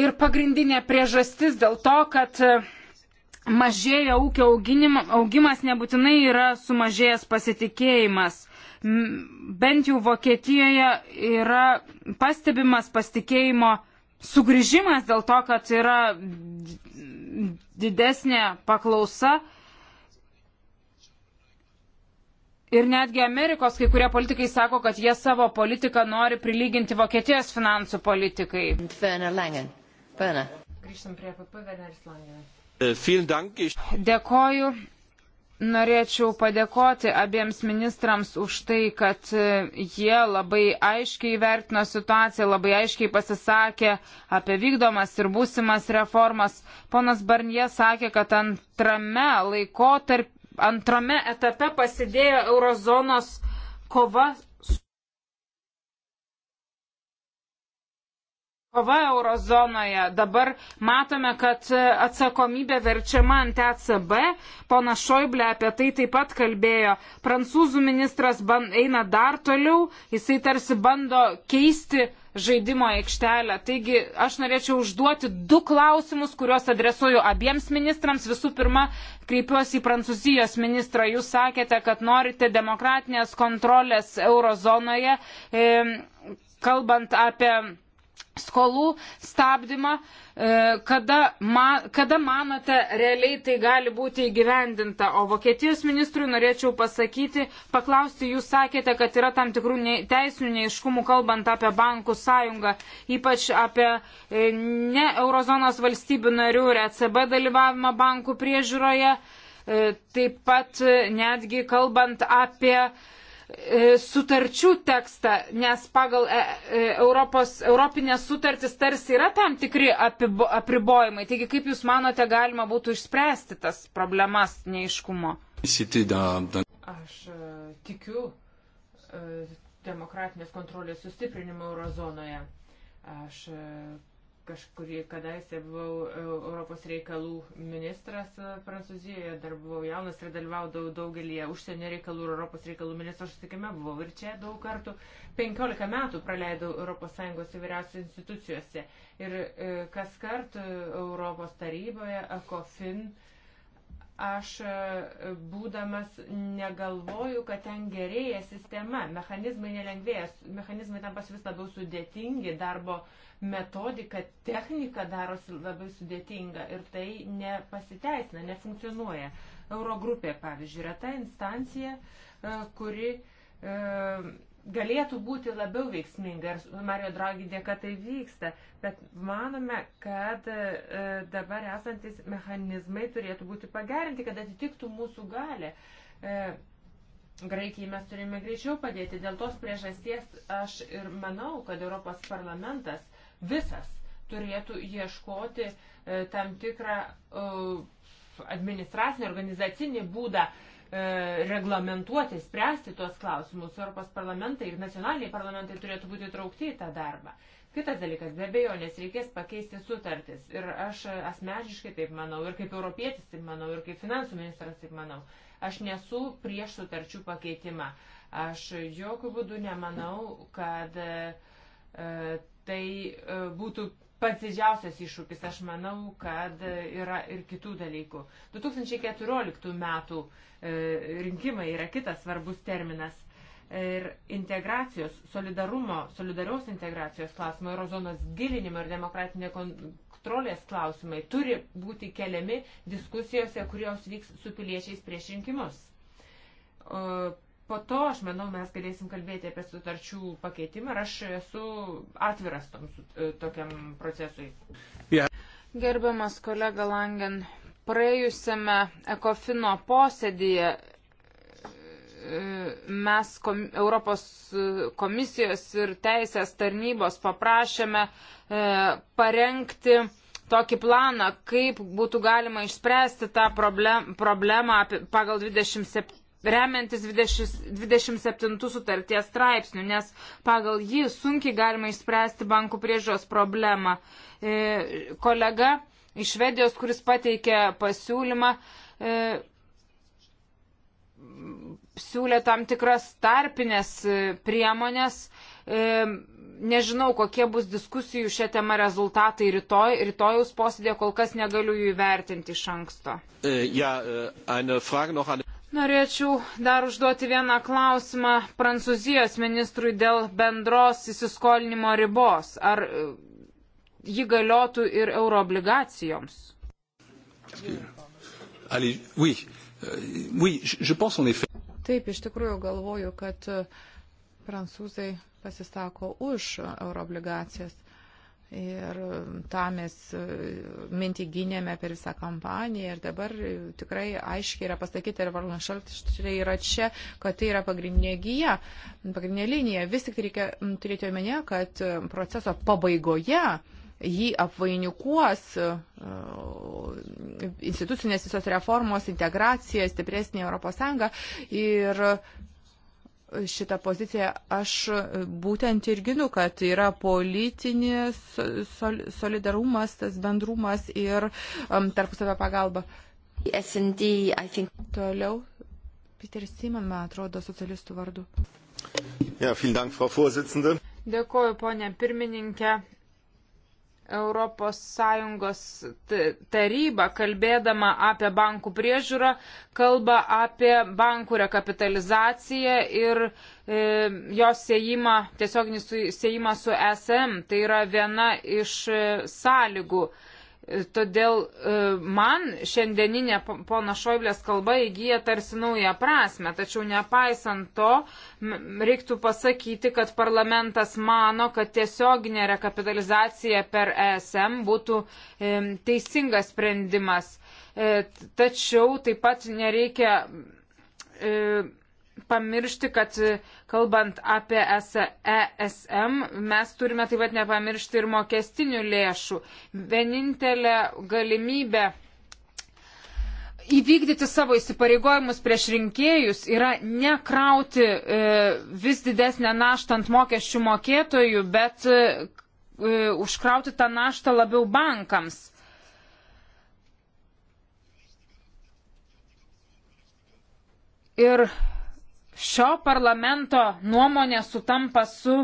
Speaker 3: ir pagrindinė priežastis dėl to, kad e, mažėja ūkio auginimo, augimas nebūtinai yra sumažėjęs pasitikėjimas. Bent jau Vokietijoje yra pastebimas pasitikėjimo sugrįžimas dėl to, kad yra didesnė paklausa. Ir netgi Amerikos kai kurie politikai sako, kad jie savo politiką nori prilyginti Vokietijos finansų politikai. Werner Langen. Pena.
Speaker 2: Grįžtam prie PP Veneris
Speaker 1: Langenas. E,
Speaker 3: Dėkoju. Norėčiau padėkoti abiems ministrams už tai, kad e, jie labai aiškiai vertino situaciją, labai aiškiai pasisakė apie vykdomas ir būsimas reformas. Ponas Barnie sakė, kad antrame laikotarp, antrame etape pasidėjo eurozonos kova kova eurozonoje. Dabar matome, kad e, atsakomybė verčiama ant ECB. Pona Šoiblė apie tai taip pat kalbėjo. Prancūzų ministras ban, eina dar toliau, jisai tarsi bando keisti žaidimo aikštelę. Taigi aš norėčiau užduoti du klausimus, kuriuos adresuoju abiems ministrams. Visų pirma, kreipiuosi į Prancūzijos ministrą. Jūs sakėte, kad norite demokratinės kontrolės eurozonoje, e, kalbant apie skolų stabdymą, e, kada, man, kada manote realiai tai gali būti įgyvendinta. O Vokietijos ministrui norėčiau pasakyti, paklausti, jūs sakėte, kad yra tam tikrų teisinių neiškumų kalbant apie bankų sąjungą, ypač apie e, ne eurozonos valstybių narių ir ECB dalyvavimą bankų priežiūroje, e, taip pat netgi kalbant apie E, sutarčių tekstą, nes pagal e, e, Europos, Europinės sutartis tarsi yra tam tikri apibo, apribojimai. Taigi, kaip Jūs manote, galima būtų išspręsti tas problemas neiškumo?
Speaker 1: Aš
Speaker 2: tikiu demokratinės kontrolės sustiprinimu eurozonoje. Aš kažkurį kadaise buvau e, Europos reikalų ministras e, Prancūzijoje, dar buvau jaunas ir dalyvaudavau daugelį užsienio reikalų ir Europos reikalų ministro susitikime, buvau ir čia daug kartų. 15 metų praleidau ES įvairiausiose institucijose ir e, kas kart Europos taryboje, ECOFIN, aš e, būdamas negalvoju, kad ten gerėja sistema, mechanizmai nelengvėja, mechanizmai tampas vis labiau sudėtingi, darbo metodika, technika darosi labai sudėtinga ir tai nepasiteisina, nefunkcionuoja. Eurogrupė, pavyzdžiui, yra ta instancija, e, kuri e, galėtų būti labiau veiksminga ir Mario Draghi dėka tai vyksta, bet manome, kad e, dabar esantis mechanizmai turėtų būti pagerinti, kad atitiktų mūsų galę. E, Graikijai mes turime greičiau padėti. Dėl tos priežasties aš ir manau, kad Europos parlamentas visas turėtų ieškoti e, tam tikrą administracinį, organizacinį būdą uh, E, reglamentuoti, spręsti tuos klausimus. Europos parlamentai ir nacionaliniai parlamentai turėtų būti traukti į tą darbą. Kitas dalykas, be abejo, nes reikės pakeisti sutartis. Ir aš asmeniškai taip manau, ir kaip europietis taip manau, ir kaip finansų ministras taip manau. Aš nesu prieš sutarčių pakeitimą. Aš jokių būdų nemanau, kad e, tai e, būtų pats didžiausias iššūkis, aš manau, kad yra ir kitų dalykų. 2014 metų e, rinkimai yra kitas svarbus terminas. Ir integracijos, solidarumo, solidarios integracijos klausimai, eurozonos gilinimo ir demokratinė kontrolės klausimai turi būti keliami diskusijose, kurios vyks su piliečiais prieš rinkimus. Po to, aš manau, mes galėsim kalbėti apie sutarčių pakeitimą ir aš esu atviras tom, e, tokiam procesui.
Speaker 1: Yeah.
Speaker 3: Gerbiamas kolega Langen, praėjusiame ekofino posėdėje e, mes kom, Europos komisijos ir teisės tarnybos paprašėme e, parengti tokį planą, kaip būtų galima išspręsti tą problem, problemą pagal 27 remiantis 20, 27 sutarties straipsnių, nes pagal jį sunkiai galima išspręsti bankų priežios problemą. E, kolega iš Švedijos, kuris pateikė pasiūlymą, e, siūlė tam tikras tarpinės e, priemonės. E, nežinau, kokie bus diskusijų šią temą rezultatai rytoj, rytojaus posėdė, kol kas negaliu jų įvertinti iš anksto.
Speaker 1: E, ja, e,
Speaker 3: Norėčiau dar užduoti vieną klausimą Prancūzijos ministrui dėl bendros įsiskolinimo ribos. Ar e, ji galiotų ir euroobligacijoms?
Speaker 1: Euh,
Speaker 4: Taip, iš tikrųjų galvoju, kad prancūzai pasisako už euroobligacijas. Ir e, tą mes e, mintį gynėme per visą kampaniją ir dabar e, tikrai aiškiai yra pasakyta ir Varlonas Šaltištrė yra čia, kad tai yra pagrindinė gyja, pagrindinė linija. Vis tik reikia turėti omenyje, kad proceso pabaigoje jį apvainikuos institucinės visos reformos, integracija, stipresnė ES ir šitą poziciją aš būtent ir ginu, kad yra politinis solidarumas, tas bendrumas ir um, tarpusavio pagalba. SND, I think. Toliau, Peter Simon, man atrodo, socialistų vardu.
Speaker 1: Ja, dank, Frau
Speaker 4: Dėkuoju, ponė
Speaker 3: pirmininkė. ES taryba, kalbėdama apie bankų priežiūrą, kalba apie bankų rekapitalizaciją ir e, jos siejimą, tiesioginį siejimą su SM. Tai yra viena iš e, sąlygų. E, Todėl e, man šiandieninė pono Šoiblės kalba įgyja tarsi naują prasme, tačiau nepaisant to, reiktų pasakyti, kad parlamentas mano, kad tiesioginė rekapitalizacija per ESM būtų e, teisingas sprendimas. E, tačiau taip pat nereikia pamiršti, kad e, kalbant apie ESM, e mes turime taip pat nepamiršti ir mokestinių lėšų. Vienintelė galimybė įvykdyti savo įsipareigojimus prieš rinkėjus yra nekrauti e, vis didesnę naštą ant mokesčių mokėtojų, bet e, e užkrauti tą naštą labiau bankams. Ir šio parlamento nuomonė sutampa su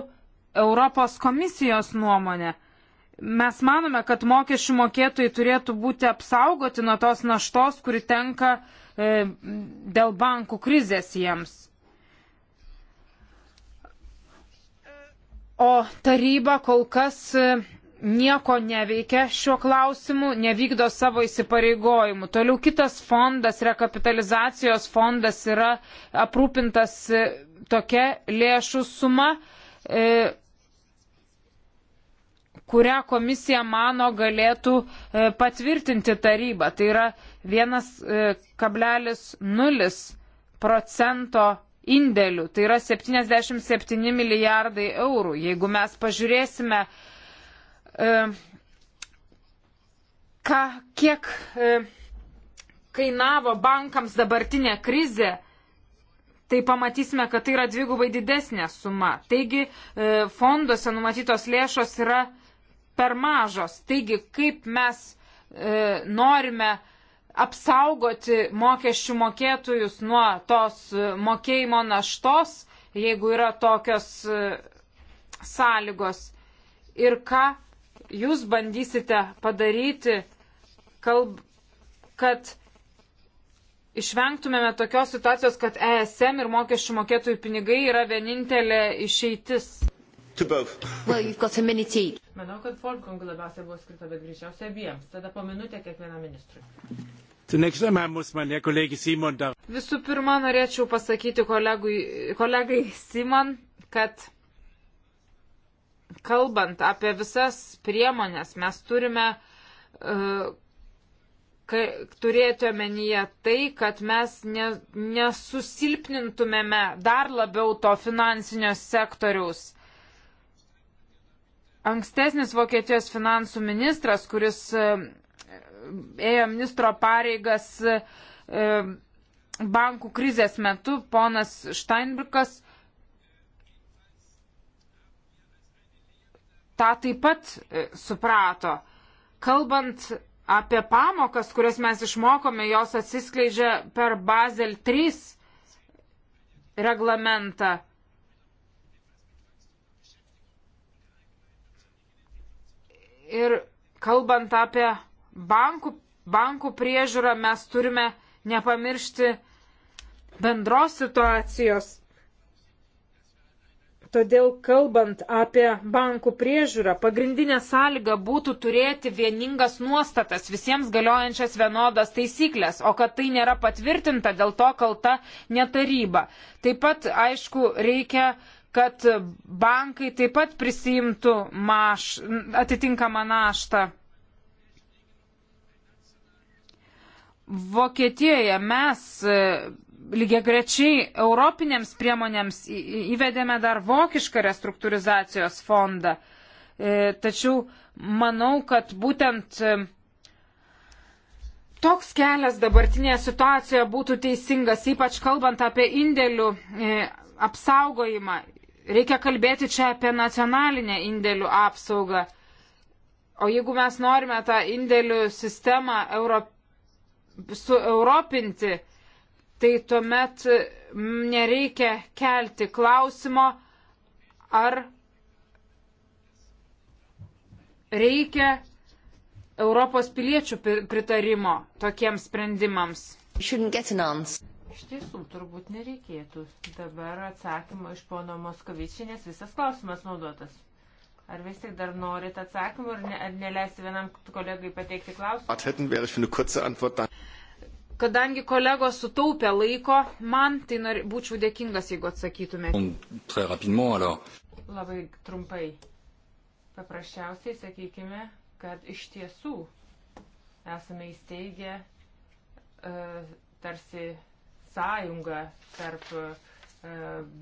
Speaker 3: Europos komisijos nuomonė. Mes manome, kad mokesčių mokėtojai turėtų būti apsaugoti nuo tos naštos, kuri tenka e, dėl bankų krizės jiems. O taryba kol kas. E, nieko neveikia šiuo klausimu, nevykdo savo įsipareigojimų. Toliau kitas fondas, rekapitalizacijos fondas yra aprūpintas e, tokia lėšų suma, e, kurią komisija mano galėtų e, patvirtinti taryba. Tai yra 1,0 procento indėlių, tai yra 77 milijardai eurų. Jeigu mes pažiūrėsime, E, ką, kiek e, kainavo bankams dabartinė krizė, tai pamatysime, kad tai yra dvigubai didesnė suma. Taigi e, fonduose numatytos lėšos yra per mažos. Taigi, kaip mes norime apsaugoti mokesčių mokėtojus nuo tos mokėjimo naštos, jeigu yra tokios sąlygos. Ir ką jūs bandysite padaryti, kalb, kad išvengtumėme tokios situacijos, kad ESM ir mokesčių mokėtojų pinigai yra vienintelė išeitis?
Speaker 2: Well, Manau, kad Folkong labiausiai buvo skirta, bet greičiausiai abiems. Tada po minutę kiekvienam ministrui. Visų pirma, norėčiau
Speaker 3: pasakyti kolegui, kolegai Simon, kad kalbant apie visas priemonės, mes turime uh, e, kai, turėti omenyje tai, kad mes ne, nesusilpnintumėme dar labiau to finansinio sektoriaus. Ankstesnis Vokietijos finansų ministras, kuris uh, ėjo ministro pareigas uh, bankų krizės metu, ponas Steinbrükas, tą taip pat e, suprato. Kalbant apie pamokas, kurias mes išmokome, jos atsiskleidžia per Bazel 3 reglamentą. Ir kalbant apie bankų, bankų priežiūrą, mes turime nepamiršti bendros situacijos. Todėl, kalbant apie bankų priežiūrą, pagrindinė sąlyga būtų turėti vieningas nuostatas, visiems galiojančias vienodas taisyklės, o kad tai nėra patvirtinta, dėl to kalta netaryba. Taip pat, aišku, reikia kad bankai taip pat prisijimtų maš, atitinkamą naštą. Vokietijoje mes lygiai grečiai europinėms priemonėms įvedėme dar vokišką restruktūrizacijos fondą. E, tačiau manau, kad būtent e, toks kelias dabartinėje situacijoje būtų teisingas, ypač kalbant apie indėlių e, apsaugojimą. Reikia kalbėti čia apie nacionalinę indėlių apsaugą. O jeigu mes norime tą indėlių sistemą euro, sueuropinti, tai tuomet mm, nereikia kelti klausimo, ar reikia Europos piliečių pritarimo tokiems sprendimams.
Speaker 2: Iš tiesų, turbūt nereikėtų dabar atsakymo iš pono Moskovičiai, nes visas klausimas naudotas. Ar vis tik dar norit atsakymų, ar, ne, ar neleisti vienam kolegai pateikti
Speaker 1: klausimą?
Speaker 2: Kadangi kolegos sutaupė laiko, man tai nar, būčiau dėkingas, jeigu atsakytumėte. Labai trumpai. Paprasčiausiai sakykime, kad iš tiesų esame įsteigę uh, tarsi sąjungą tarp uh,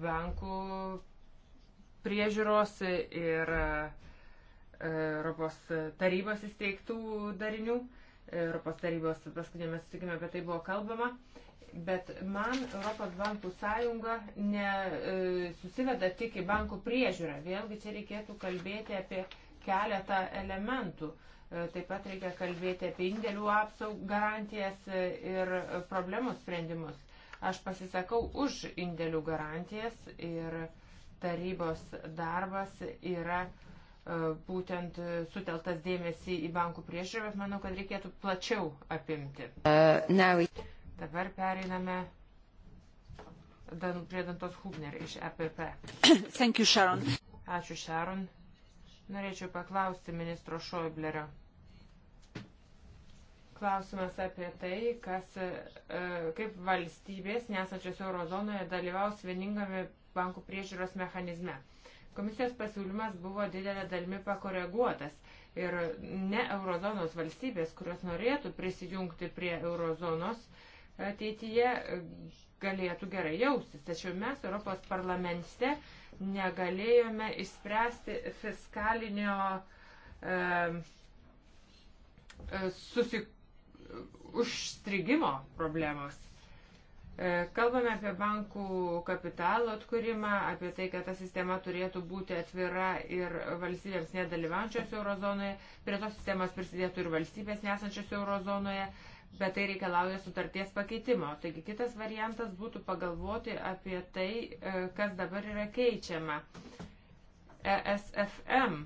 Speaker 2: bankų priežiūros ir uh, Europos tarybos įsteigtų darinių. Uh, Europos tarybos paskutinėme susitikime apie tai buvo kalbama. Bet man Europos bankų sąjunga nesusiveda e, tik į bankų priežiūrą. Vėlgi čia reikėtų kalbėti apie keletą elementų. E, taip pat reikia kalbėti apie indėlių apsaugą, garantijas e, ir problemų sprendimus. Aš pasisakau už indėlių garantijas ir tarybos darbas yra uh, E, būtent suteltas dėmesį į bankų priežiūrą, bet manau, kad reikėtų plačiau apimti.
Speaker 3: Uh, now...
Speaker 2: Dabar pereiname dan, prie Dantos Hubner iš EPP. Thank you, Sharon. Ačiū, Sharon. Norėčiau paklausti ministro Šoiblerio. Klausimas apie tai, kas, e, kaip valstybės nesančios eurozonoje dalyvaus vieningame bankų priežiūros mechanizme. Komisijos pasiūlymas buvo didelė dalimi pakoreguotas ir ne eurozonos valstybės, kurios norėtų prisijungti prie eurozonos ateityje, galėtų gerai jaustis. Tačiau mes Europos parlamente negalėjome išspręsti fiskalinio e, susi, užstrigimo problemos. E, kalbame apie bankų kapitalo atkūrimą, apie tai, kad ta sistema turėtų būti atvira ir valstybėms nedalyvaujančios eurozonoje, prie tos sistemas prisidėtų ir valstybės nesančios eurozonoje, bet tai reikalauja sutarties pakeitimo. Taigi kitas variantas būtų pagalvoti apie tai, e, kas dabar yra keičiama. ESFM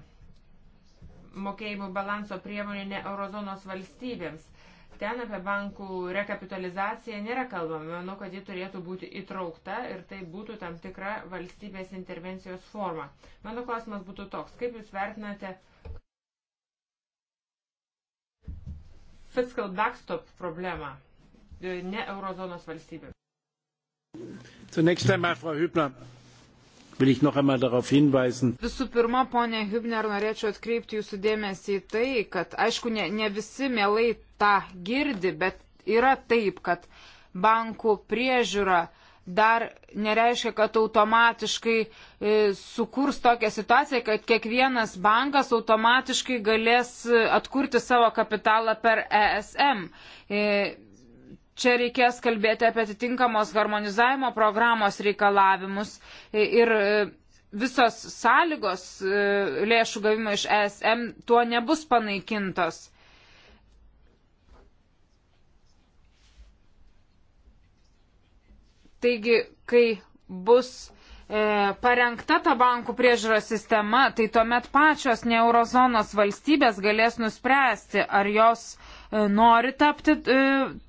Speaker 2: mokėjimų balanso priemonė ne eurozonos valstybėms Ten apie bankų rekapitalizaciją nėra kalbama. Manau, kad ji turėtų būti įtraukta ir tai būtų tam tikra valstybės intervencijos forma. Mano klausimas būtų toks. Kaip Jūs vertinate fiscal backstop problemą e, ne eurozonos valstybių?
Speaker 1: Zunächst einmal, Frau Hübner, will ich noch einmal darauf hinweisen.
Speaker 3: Visų pirma, ponė Hübner, norėčiau atkreipti jūsų dėmesį į tai, kad, aišku, ne, ne visi mielai tą girdi, bet yra taip, kad bankų priežiūra dar nereiškia, kad automatiškai e, sukurs tokią situaciją, kad kiekvienas bankas automatiškai galės atkurti savo kapitalą per ESM. E, čia reikės kalbėti apie atitinkamos harmonizavimo programos reikalavimus e, ir visos sąlygos lėšų gavimo iš ESM tuo nebus panaikintos. Taigi, kai bus e, parengta ta bankų priežiūros sistema, tai tuomet pačios ne eurozonos valstybės galės nuspręsti, ar jos e, nori tapti e,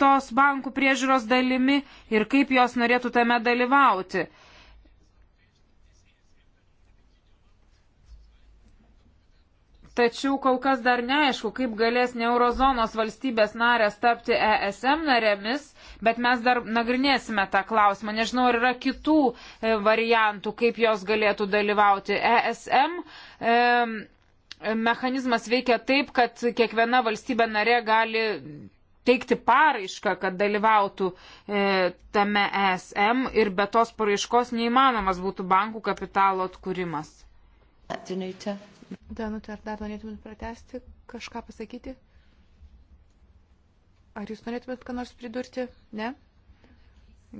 Speaker 3: tos bankų priežiūros dalimi ir kaip jos norėtų tame dalyvauti. E, tačiau kol kas dar neaišku, kaip galės ne eurozonos valstybės narės tapti ESM narėmis, bet mes dar nagrinėsime tą klausimą. Nežinau, ar yra kitų e, variantų, kaip jos galėtų dalyvauti. ESM e, mechanizmas veikia taip, kad kiekviena valstybė narė gali teikti paraišką, kad dalyvautų e, tame ESM ir be tos paraiškos neįmanomas būtų bankų kapitalo atkūrimas.
Speaker 4: Danita. Danutė, ar dar norėtumėt pratesti, kažką pasakyti? Ar jūs norėtumėt ką nors pridurti? Ne?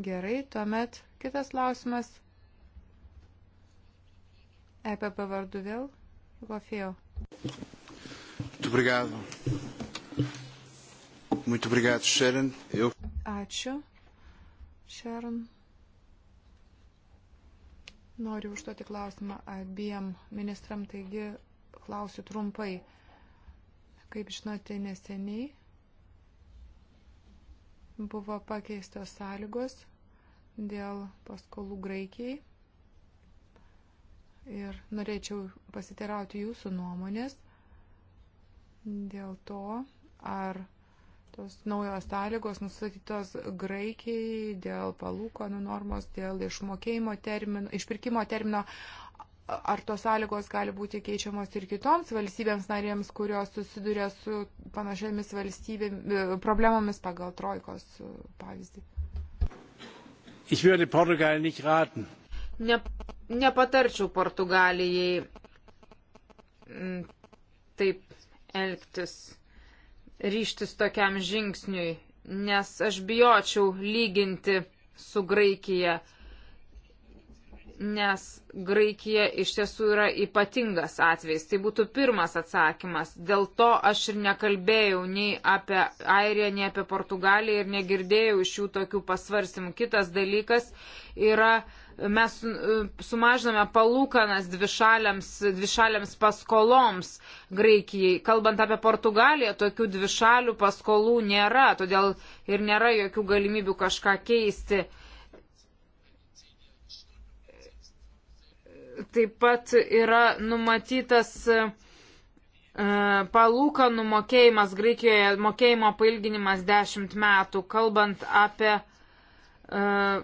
Speaker 4: Gerai, tuomet kitas klausimas. EPP vardu vėl. Gofio.
Speaker 1: Muito obrigado. Muito obrigado, Sharon. Eu...
Speaker 4: Ačiū, Sharon. Noriu užduoti klausimą abiem ministram, taigi klausiu trumpai. Kaip žinote, neseniai buvo pakeistos sąlygos dėl paskolų Graikijai. Ir norėčiau pasiterauti jūsų nuomonės dėl to, ar tos naujos sąlygos nustatytos Graikijai dėl palūkanų normos, dėl išmokėjimo termino, išpirkimo termino. Ar tos sąlygos gali būti keičiamos ir kitoms valstybėms narėms, kurios susiduria su panašiamis e, problemomis pagal trojkos e, pavyzdį?
Speaker 1: Ich würde Portugal nicht raten.
Speaker 3: Ne, nepatarčiau Portugalijai mm, taip elgtis ryštis tokiam žingsniui, nes aš bijočiau lyginti su Graikija, nes Graikija iš tiesų yra ypatingas atvejs. Tai būtų pirmas atsakymas. Dėl to aš ir nekalbėjau nei apie Airiją, nei apie Portugaliją ir negirdėjau iš jų tokių pasvarsimų. Kitas dalykas yra mes e, sumažiname palūkanas dvišaliams, dvišaliams paskoloms Graikijai. Kalbant apie Portugaliją, tokių dvišalių paskolų nėra, todėl ir nėra jokių galimybių kažką keisti. Taip pat yra numatytas e, palūkanų mokėjimas Graikijoje, mokėjimo pailginimas 10 metų, kalbant apie uh,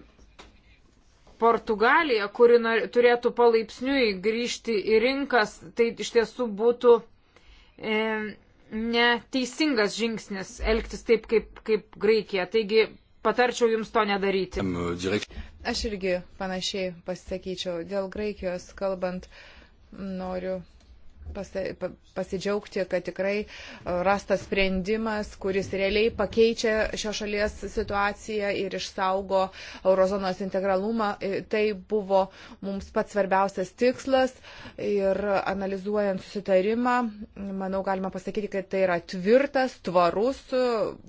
Speaker 3: Portugalija, kuri turėtų palaipsniui grįžti į rinkas, tai iš tiesų būtų e, neteisingas žingsnis elgtis taip kaip,
Speaker 4: kaip Graikija. Taigi patarčiau jums to nedaryti. Aš irgi panašiai pasakyčiau. Dėl Graikijos kalbant, noriu pasidžiaugti, kad tikrai e, rastas sprendimas, kuris realiai pakeičia šios šalies situaciją ir išsaugo eurozonos integralumą. E, tai buvo mums pats svarbiausias tikslas ir analizuojant susitarimą, manau, galima pasakyti, kad tai yra tvirtas, tvarus,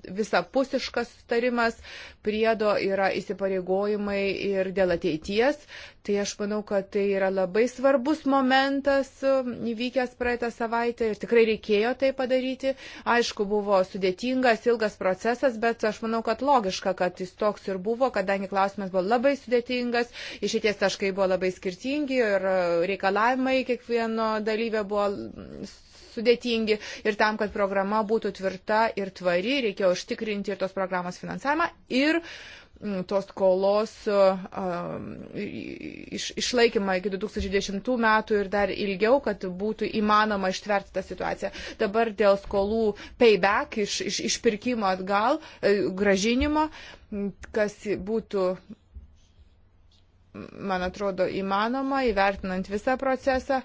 Speaker 4: visapusiškas susitarimas, priedo yra įsipareigojimai ir dėl ateities. Tai aš manau, kad tai yra labai svarbus momentas um, įvykęs praeitą savaitę ir tikrai reikėjo tai padaryti. Aišku, buvo sudėtingas, ilgas procesas, bet aš manau, kad logiška, kad jis toks ir buvo, kadangi klausimas buvo labai sudėtingas, išėties taškai buvo labai skirtingi ir uh, reikalavimai kiekvieno dalyvio buvo mm, sudėtingi ir tam, kad programa būtų tvirta ir tvari, reikėjo užtikrinti ir tos programos finansavimą ir uh, Mm, tos skolos iš, išlaikymą iki 2010 metų ir dar ilgiau, kad būtų įmanoma ištverti tą situaciją. Dabar dėl skolų payback, iš, iš, išpirkimo atgal, e, gražinimo, kas būtų man atrodo, įmanoma, įvertinant visą procesą,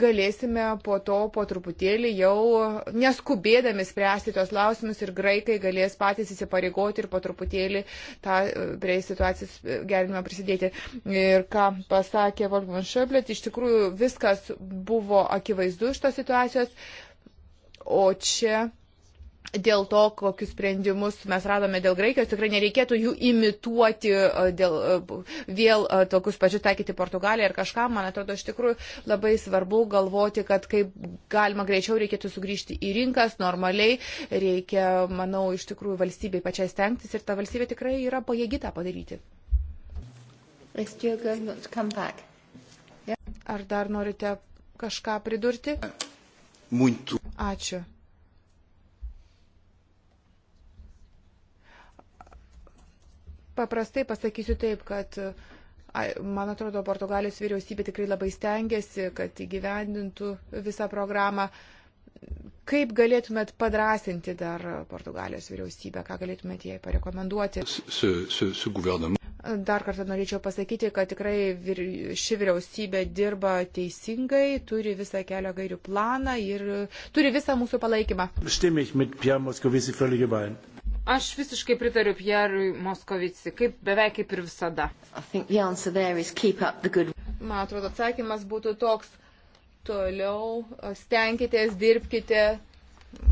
Speaker 4: galėsime po to, po truputėlį jau neskubėdami spręsti tos lausimus ir graikai galės patys įsipareigoti ir po truputėlį tą, prie situacijos gerimą prisidėti. Ir ką pasakė Volkman Šöblėt, iš tikrųjų viskas buvo akivaizdu iš tos situacijos, o čia dėl to, kokius sprendimus mes radome dėl Graikijos, tikrai nereikėtų jų imituoti, dėl, vėl tokius pačius taikyti Portugaliją ar kažką. Man atrodo, iš tikrųjų labai svarbu galvoti, kad kaip galima greičiau reikėtų sugrįžti į rinkas normaliai. Reikia, manau, iš tikrųjų valstybei pačiai stengtis ir ta valstybė tikrai yra pajėgita padaryti. Ar dar norite kažką pridurti? Ačiū. Paprastai pasakysiu taip, kad man atrodo, Portugalijos vyriausybė tikrai labai stengiasi, kad įgyvendintų visą programą. Kaip galėtumėt padrasinti dar Portugalijos vyriausybę, ką galėtumėt jai parekomenduoti?
Speaker 1: Su, su, su
Speaker 4: dar kartą norėčiau pasakyti, kad tikrai vir, ši vyriausybė dirba teisingai, turi visą kelio gairių planą ir turi visą mūsų palaikymą.
Speaker 1: Stimme ich mit Pierre Moscovici völlig überein.
Speaker 4: Aš
Speaker 3: visiškai pritariu Pierui Moskovici, kaip beveik kaip ir visada.
Speaker 4: Good... Man atrodo, atsakymas būtų toks, toliau e, stenkitės, dirbkite,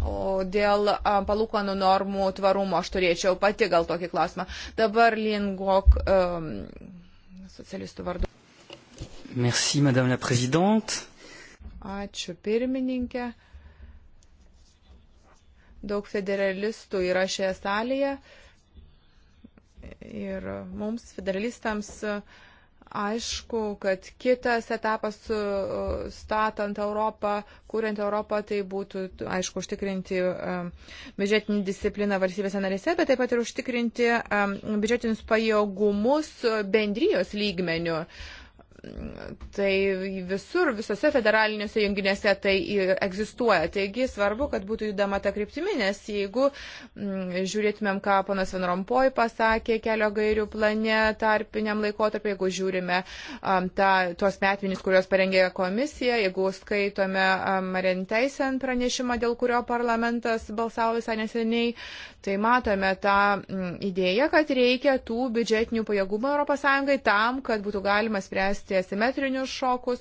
Speaker 4: o dėl e, palūkanų normų tvarumo aš turėčiau pati gal tokį klausimą. Dabar Lingok um, e, socialistų vardu.
Speaker 1: Merci, Madame la Présidente.
Speaker 4: Ačiū pirmininkė daug federalistų yra šioje salėje ir mums federalistams aišku, kad kitas etapas e, statant Europą, kuriant Europą, tai būtų, aišku, užtikrinti e, biudžetinį discipliną valstybėse narėse, bet taip pat ir užtikrinti e, biudžetinius pajėgumus bendrijos lygmenių tai visur, visose federaliniuose junginėse tai egzistuoja. Taigi svarbu, kad būtų judama ta kryptimi, nes jeigu m, mm, žiūrėtumėm, ką panas Venrompoj pasakė kelio gairių plane tarpiniam laikotarpiu, jeigu žiūrime um, ta, tuos metmenis, kuriuos parengė komisija, jeigu skaitome Marin um, Teisen pranešimą, dėl kurio parlamentas balsavo visai neseniai, tai matome tą m, mm, idėją, kad reikia tų biudžetinių pajėgumų ES tam, kad būtų galima spręsti išvengti asimetrinius šokus,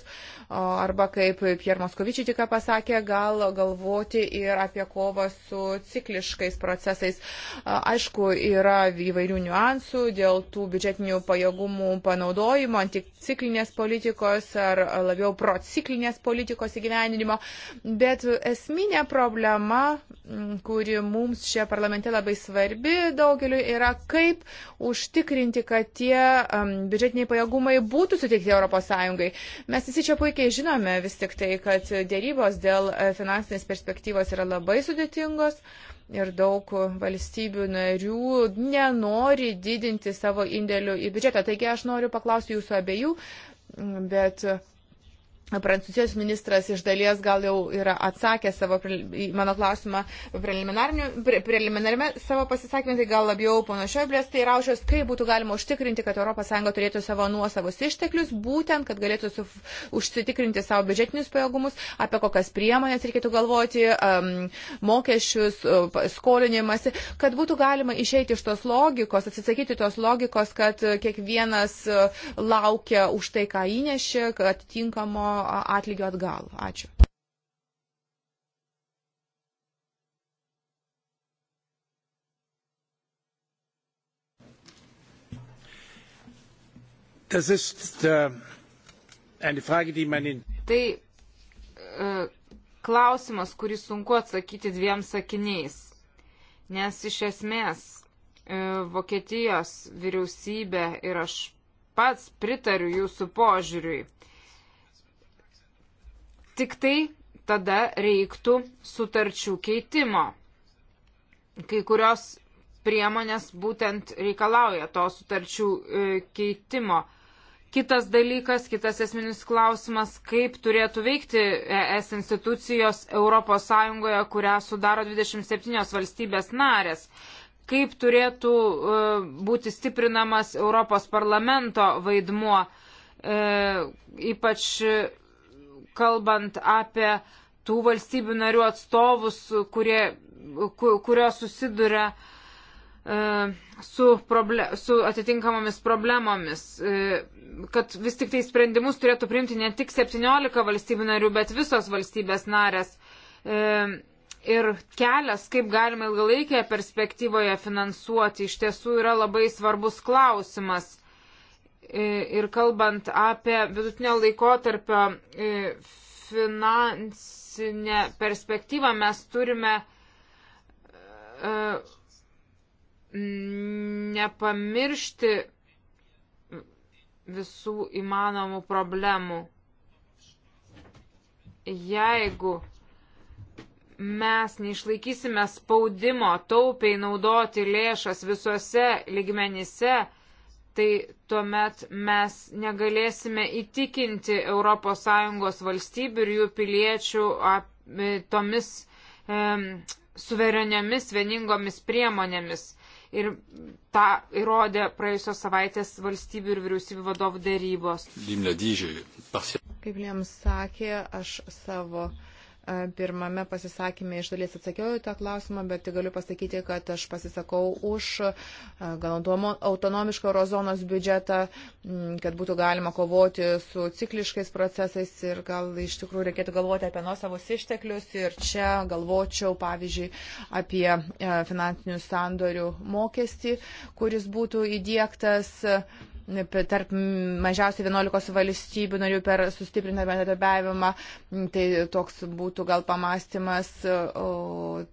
Speaker 4: arba kaip Pierre Moskovičiai tik pasakė, gal galvoti ir apie kovą su cikliškais procesais. Aišku, yra įvairių niuansų dėl tų biudžetinių pajėgumų panaudojimo, anticiklinės politikos ar labiau prociklinės politikos įgyvendinimo, bet esminė problema, kuri mums čia parlamente labai svarbi daugeliu, yra kaip užtikrinti, kad tie um, biudžetiniai pajėgumai būtų suteikti ES. Mes visi čia puikiai žinome vis tik tai, kad dėrybos dėl e, finansinės perspektyvos yra labai sudėtingos ir daug valstybių narių nenori didinti savo indėlių į biudžetą. Taigi aš noriu paklausti jūsų abiejų, bet. Uh, Prancūzijos ministras iš dalies gal jau yra atsakęs savo, mano klausimą preliminarime savo pasisakymę, tai gal labiau pono Šioblės, tai raušios, kaip būtų galima užtikrinti, kad ES turėtų savo nuosavus išteklius, būtent, kad galėtų su, užsitikrinti savo biudžetinius pajėgumus, apie kokias priemonės reikėtų galvoti, um, mokesčius, um, skolinimasi, kad būtų galima išeiti iš tos logikos, atsisakyti tos logikos, kad kiekvienas e, laukia už tai, ką įnešė, atitinkamo atlygio atgal. Ačiū.
Speaker 1: Das ist äh, eine Frage, die man in. Tai
Speaker 3: äh, klausimas, kurį sunku atsakyti dviem sakiniais, nes iš esmės äh, Vokietijos vyriausybė ir aš pats pritariu jūsų požiūriui. Tik tai tada reiktų sutarčių keitimo. Kai kurios priemonės būtent reikalauja to sutarčių e, keitimo. Kitas dalykas, kitas esminis klausimas, kaip turėtų veikti ES institucijos ES, kurią sudaro 27 valstybės narės, kaip turėtų e, būti stiprinamas Europos parlamento vaidmuo, e, ypač kalbant apie tų valstybių narių atstovus, kurie, kurios susiduria e, su, proble, su atitinkamomis problemomis, e, kad vis tik tai sprendimus turėtų priimti ne tik 17 valstybių narių, bet visos valstybės narės. E, ir kelias, kaip galima ilgalaikėje perspektyvoje finansuoti, iš tiesų yra labai svarbus klausimas ir kalbant apie vidutinio laikotarpio finansinę perspektyvą, mes turime e, nepamiršti visų įmanomų problemų. Jeigu mes neišlaikysime spaudimo taupiai naudoti lėšas visuose ligmenyse, tai tuomet mes negalėsime įtikinti ES valstybių ir jų piliečių e, tomis e, suvereniamis vieningomis priemonėmis. Ir tą įrodė praėjusios savaitės valstybių ir vyriausybių vadovų dėrybos.
Speaker 4: Kaip jiems sakė, aš savo uh, pirmame pasisakymė iš dalies atsakiau į tą klausimą, bet galiu pasakyti, kad aš pasisakau už gal autonomišką eurozonos biudžetą, kad būtų galima kovoti su cikliškais procesais ir gal iš tikrųjų reikėtų galvoti apie nuosavus išteklius ir čia galvočiau, pavyzdžiui, apie finansinių sandorių mokestį, kuris būtų įdėktas tarp mažiausiai 11 valstybių narių per sustiprintą bendradarbiavimą. Mm, tai toks būtų gal pamastymas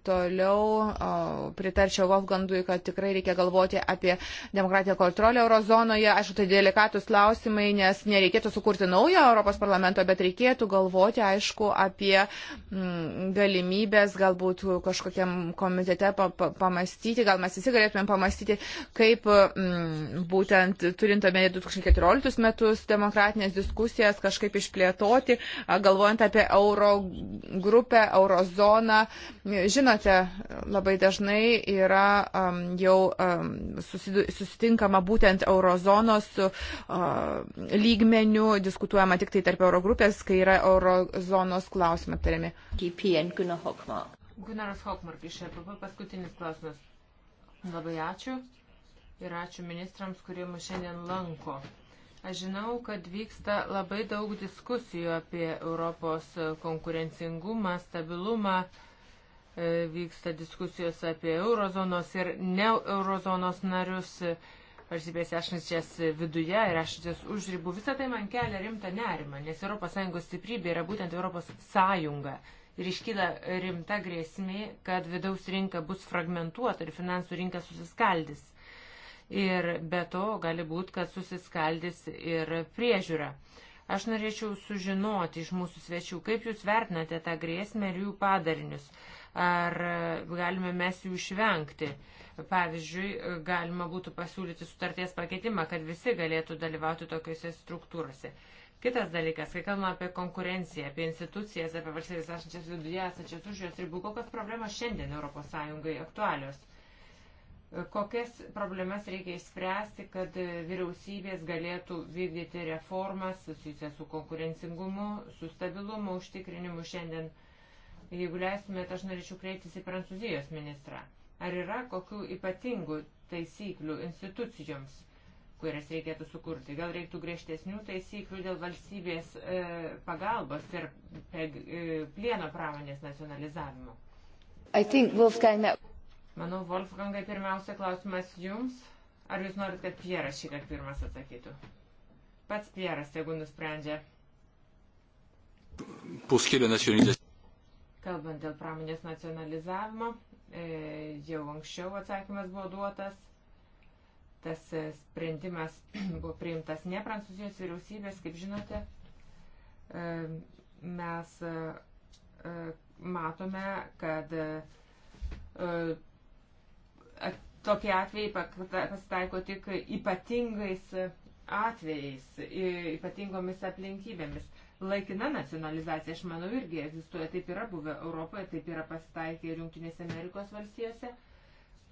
Speaker 4: toliau. Pritarčiau Volgandui, kad tikrai reikia galvoti apie demokratiją kontrolę eurozonoje. Aišku, tai delikatus klausimai, nes nereikėtų sukurti naujo Europos parlamento, bet reikėtų galvoti, aišku, apie mm, galimybės galbūt kažkokiam komitete pamastyti, gal mes visi galėtumėm pamastyti, kaip mm, būtent turint turime 2014 metus demokratinės diskusijas kažkaip išplėtoti, galvojant apie euro grupę, eurozoną. Žinote, labai dažnai yra um, jau um, susitinkama būtent eurozonos um, lygmenių, diskutuojama tik tai tarp eurogrupės, kai yra eurozonos klausimai aptariami.
Speaker 2: Gunaras Hokmark iš EPP paskutinis klausimas. Labai ačiū ir ačiū ministrams, kurie mus šiandien lanko. Aš žinau, kad vyksta labai daug diskusijų apie Europos konkurencingumą, stabilumą, e, vyksta diskusijos apie eurozonos ir ne eurozonos narius, valstybės ešančias viduje ir ešančias už ribų. Visą tai man kelia rimtą nerimą, nes ES stiprybė yra būtent ES ir iškyla rimta grėsmė, kad vidaus rinka bus fragmentuota ir finansų rinka susiskaldys ir be to gali būti, kad susiskaldys ir priežiūra. Aš norėčiau sužinoti iš mūsų svečių, kaip jūs vertinate tą grėsmę ir jų padarinius. Ar galime mes jų išvengti? Pavyzdžiui, galima būtų pasiūlyti sutarties pakeitimą, kad visi galėtų dalyvauti tokiuose struktūrose. Kitas dalykas, kai kalbame apie konkurenciją, apie institucijas, apie valstybės esančias viduje, esančias už jos ribų, kokios problemos šiandien ES aktualios kokias problemas reikia išspręsti, kad vyriausybės galėtų vykdyti reformas susijusias su konkurencingumu, su stabilumu užtikrinimu šiandien. Jeigu leistumėte, aš norėčiau kreiptis į Prancūzijos ministrą. Ar yra kokių ypatingų taisyklių institucijoms, kurias reikėtų sukurti? Gal reiktų griežtesnių taisyklių dėl valstybės e, pagalbos ir e, plieno pramonės nacionalizavimo? I think Wolfgang that Manau, Wolfgangai, pirmiausia klausimas jums. Ar jūs norit, kad Pieras šį kartą pirmas atsakytų? Pats Pieras, jeigu nusprendžia. Kalbant dėl pramonės nacionalizavimo, e, jau anksčiau atsakymas buvo duotas. Tas e, sprendimas buvo priimtas ne Prancūzijos vyriausybės, kaip žinote. E, mes matome, kad tokie atvejai pasitaiko tik ypatingais atvejais, ypatingomis aplinkybėmis. Laikina nacionalizacija, aš manau, irgi egzistuoja, taip yra buvę Europoje, taip yra pasitaikę ir Junktinėse Amerikos valstijose.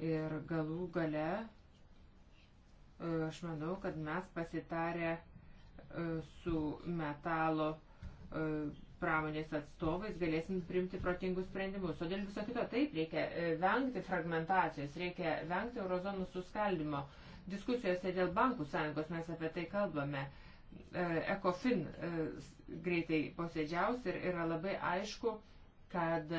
Speaker 2: Ir galų gale, e, aš manau, kad mes pasitarę e, su metalo e, pramonės atstovais galėsim primti protingus sprendimus. O dėl viso kito taip reikia e, vengti fragmentacijos, reikia vengti eurozonų suskaldimo. Diskusijose dėl bankų sąjungos mes apie tai kalbame. E, ECOFIN e, greitai posėdžiaus ir yra labai aišku, kad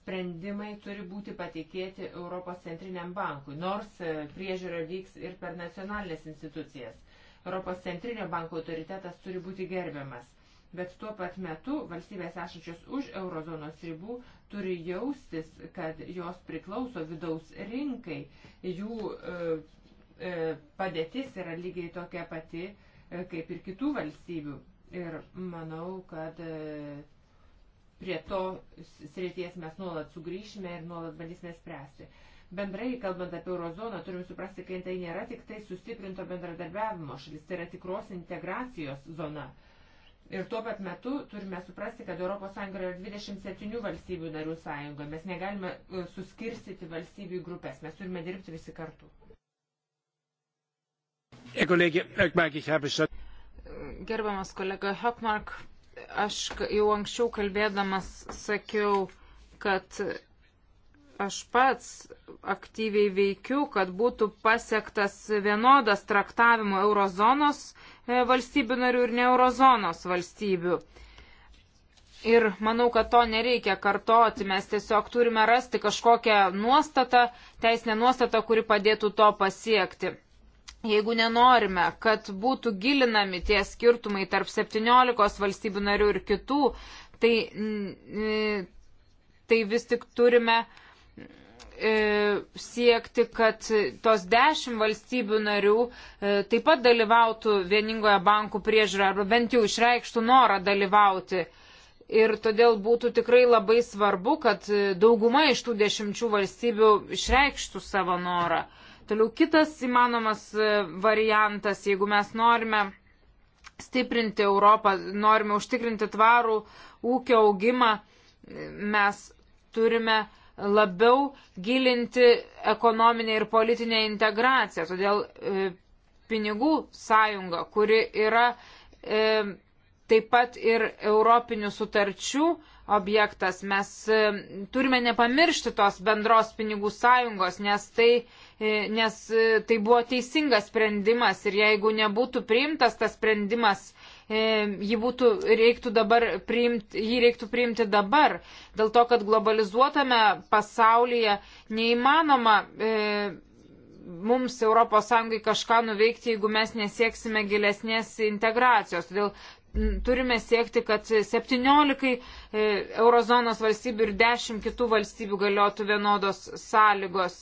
Speaker 2: sprendimai turi būti patikėti Europos centriniam bankui, nors priežiūra vyks ir per nacionalinės institucijas. Europos centrinio banko autoritetas turi būti gerbiamas bet tuo pat metu valstybės esančios už eurozonos ribų turi jaustis, kad jos priklauso vidaus rinkai, jų e, e, padėtis yra lygiai tokia pati e, kaip ir kitų valstybių. Ir manau, kad e, prie to srities mes nuolat sugrįšime ir nuolat bandysime spręsti. Bendrai, kalbant apie eurozoną, turim suprasti, kad tai nėra tik tai sustiprinto bendradarbiavimo šalis, tai yra tikros integracijos zona. E, Ir tuo pat metu turime suprasti, kad ES yra 27 valstybių narių sąjunga. Mes negalime e, suskirstyti valstybių į grupės. Mes turime dirbti visi
Speaker 1: kartu.
Speaker 3: Gerbiamas kolega Hopmark, aš jau anksčiau kalbėdamas sakiau, kad aš pats aktyviai veikiu, kad būtų pasiektas vienodas traktavimo eurozonos e, valstybių narių ir ne eurozonos valstybių. Ir manau, kad to nereikia kartoti, mes tiesiog turime rasti kažkokią nuostatą, teisinę nuostatą, kuri padėtų to pasiekti. Jeigu nenorime, kad būtų gilinami tie skirtumai tarp 17 valstybių narių ir kitų, tai, tai vis tik turime uh, E, siekti, kad tos dešimt valstybių narių e, taip pat dalyvautų vieningoje bankų priežiūroje arba bent jau išreikštų norą dalyvauti. Ir todėl būtų tikrai labai svarbu, kad dauguma iš tų dešimčių valstybių išreikštų savo norą. Toliau kitas įmanomas e, variantas, jeigu mes norime stiprinti Europą, norime užtikrinti tvarų ūkio augimą, mes turime uh, labiau gilinti ekonominę ir politinę integraciją. Todėl e, pinigų sąjunga, kuri yra e, taip pat ir europinių sutarčių objektas. Mes e, turime nepamiršti tos bendros pinigų sąjungos, nes tai, e, nes e, tai buvo teisingas sprendimas ir jeigu nebūtų priimtas tas sprendimas, E, jį, būtų, reiktų dabar priimti, jį reiktų priimti dabar, dėl to, kad globalizuotame pasaulyje neįmanoma e, mums ES kažką nuveikti, jeigu mes nesieksime gilesnės integracijos. Todėl turime siekti, kad 17 e, eurozonos valstybių ir 10 kitų valstybių galiotų vienodos sąlygos.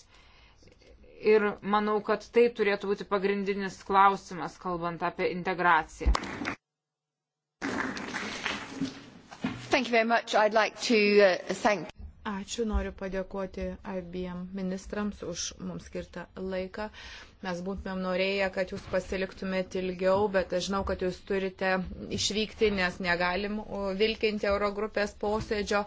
Speaker 3: Ir manau, kad tai turėtų būti pagrindinis klausimas, kalbant apie integraciją.
Speaker 1: Like to,
Speaker 4: uh, Ačiū, noriu padėkoti abiem ministrams už mums skirtą laiką. Mes būtumėm norėję, kad jūs pasiliktumėte ilgiau, bet aš žinau, kad jūs turite išvykti, nes negalim vilkinti Eurogrupės posėdžio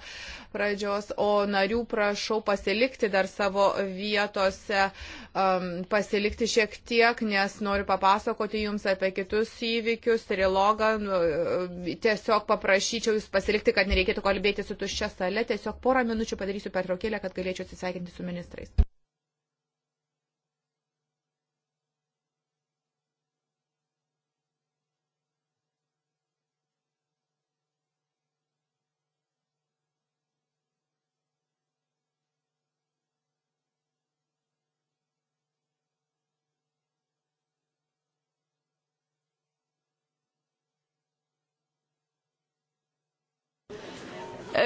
Speaker 4: pradžios, o narių prašau pasilikti dar savo vietose, um, pasilikti šiek tiek, nes noriu papasakoti jums apie kitus įvykius, trilogą. Nu, tiesiog paprašyčiau jūs pasilikti, kad nereikėtų kalbėti su tuščia sale. Tiesiog porą minučių padarysiu pertraukėlę, kad galėčiau atsisveikinti su ministrais.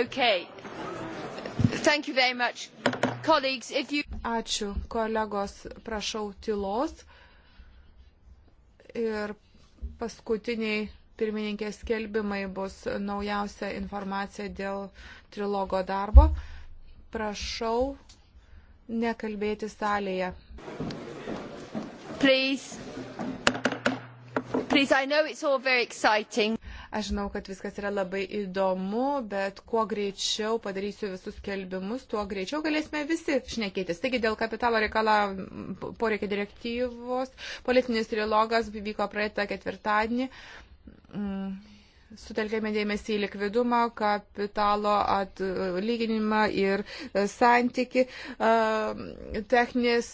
Speaker 4: Okay. Thank you very much. Colleagues, if you... Ačiū, kolegos, prašau tylos. Ir paskutiniai pirmininkės skelbimai bus naujausia informacija dėl trilogo darbo. Prašau nekalbėti salėje. Please. Please, I know it's all very exciting. Aš žinau, kad viskas yra labai įdomu, bet kuo greičiau padarysiu visus kelbimus, tuo greičiau galėsime visi šnekėtis. Taigi dėl kapitalo reikala poreikia direktyvos, politinis trilogas vyko praeitą ketvirtadienį. Mm, sutelkėme dėmesį į likvidumą, kapitalo atlyginimą ir santyki. Techninės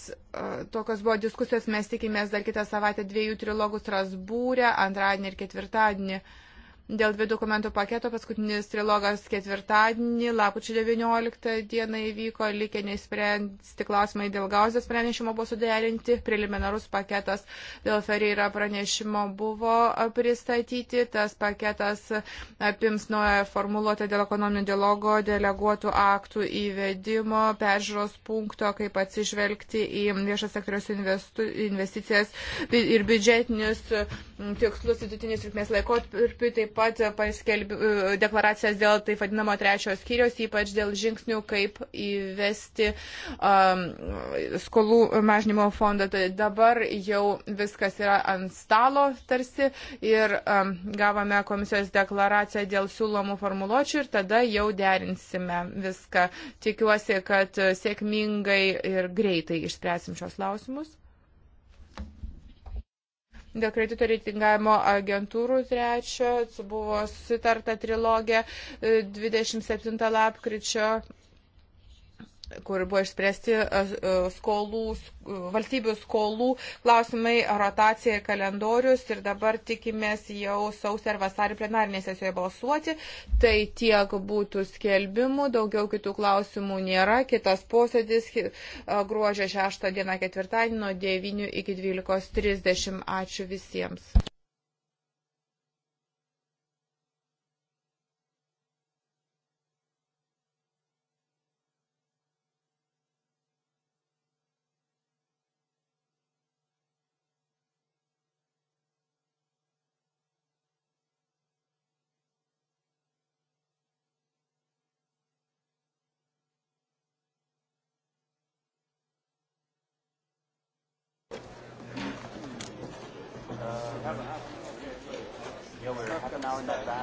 Speaker 4: tokios buvo diskusijos, mes tikimės dar kitą savaitę dviejų trilogų Strasbūrę, antradienį ir ketvirtadienį. Uh, Dėl dviejų dokumentų paketo paskutinis trilogas ketvirtadienį, lapučio 19 dieną įvyko, likė neįspręsti klausimai dėl gauzės pranešimo buvo suderinti, preliminarus paketas dėl Ferreira pranešimo buvo pristatyti, tas paketas apims naują formuluotę dėl ekonominio dialogo, deleguotų aktų įvedimo, peržiūros punkto, kaip atsižvelgti į viešas sektoriaus investu, investicijas ir biudžetinius tikslus vidutinis trukmės laikotarpiu, taip taip pat paskelbi, e, deklaracijas dėl taip vadinamo trečiojo skyrios, ypač dėl žingsnių, kaip įvesti um, skolų mažnymo fondą. Tai dabar jau viskas yra ant stalo tarsi ir um, gavome komisijos deklaraciją dėl siūlomų formuluočių ir tada jau derinsime viską. Tikiuosi, kad sėkmingai ir greitai išspręsim šios klausimus. Dėl kredito reitingavimo agentūrų trečio buvo sutarta trilogė 27 e, lapkričio kur buvo išspręsti e, e, skolų, e, valstybių skolų klausimai, rotacija ir kalendorius ir dabar tikimės jau sausio ar vasarį plenarinėje sesijoje balsuoti. Tai tiek būtų skelbimų, daugiau kitų klausimų nėra. Kitas posėdis gruodžio 6 dieną ketvirtadienį nuo 9 iki 12.30. Ačiū visiems.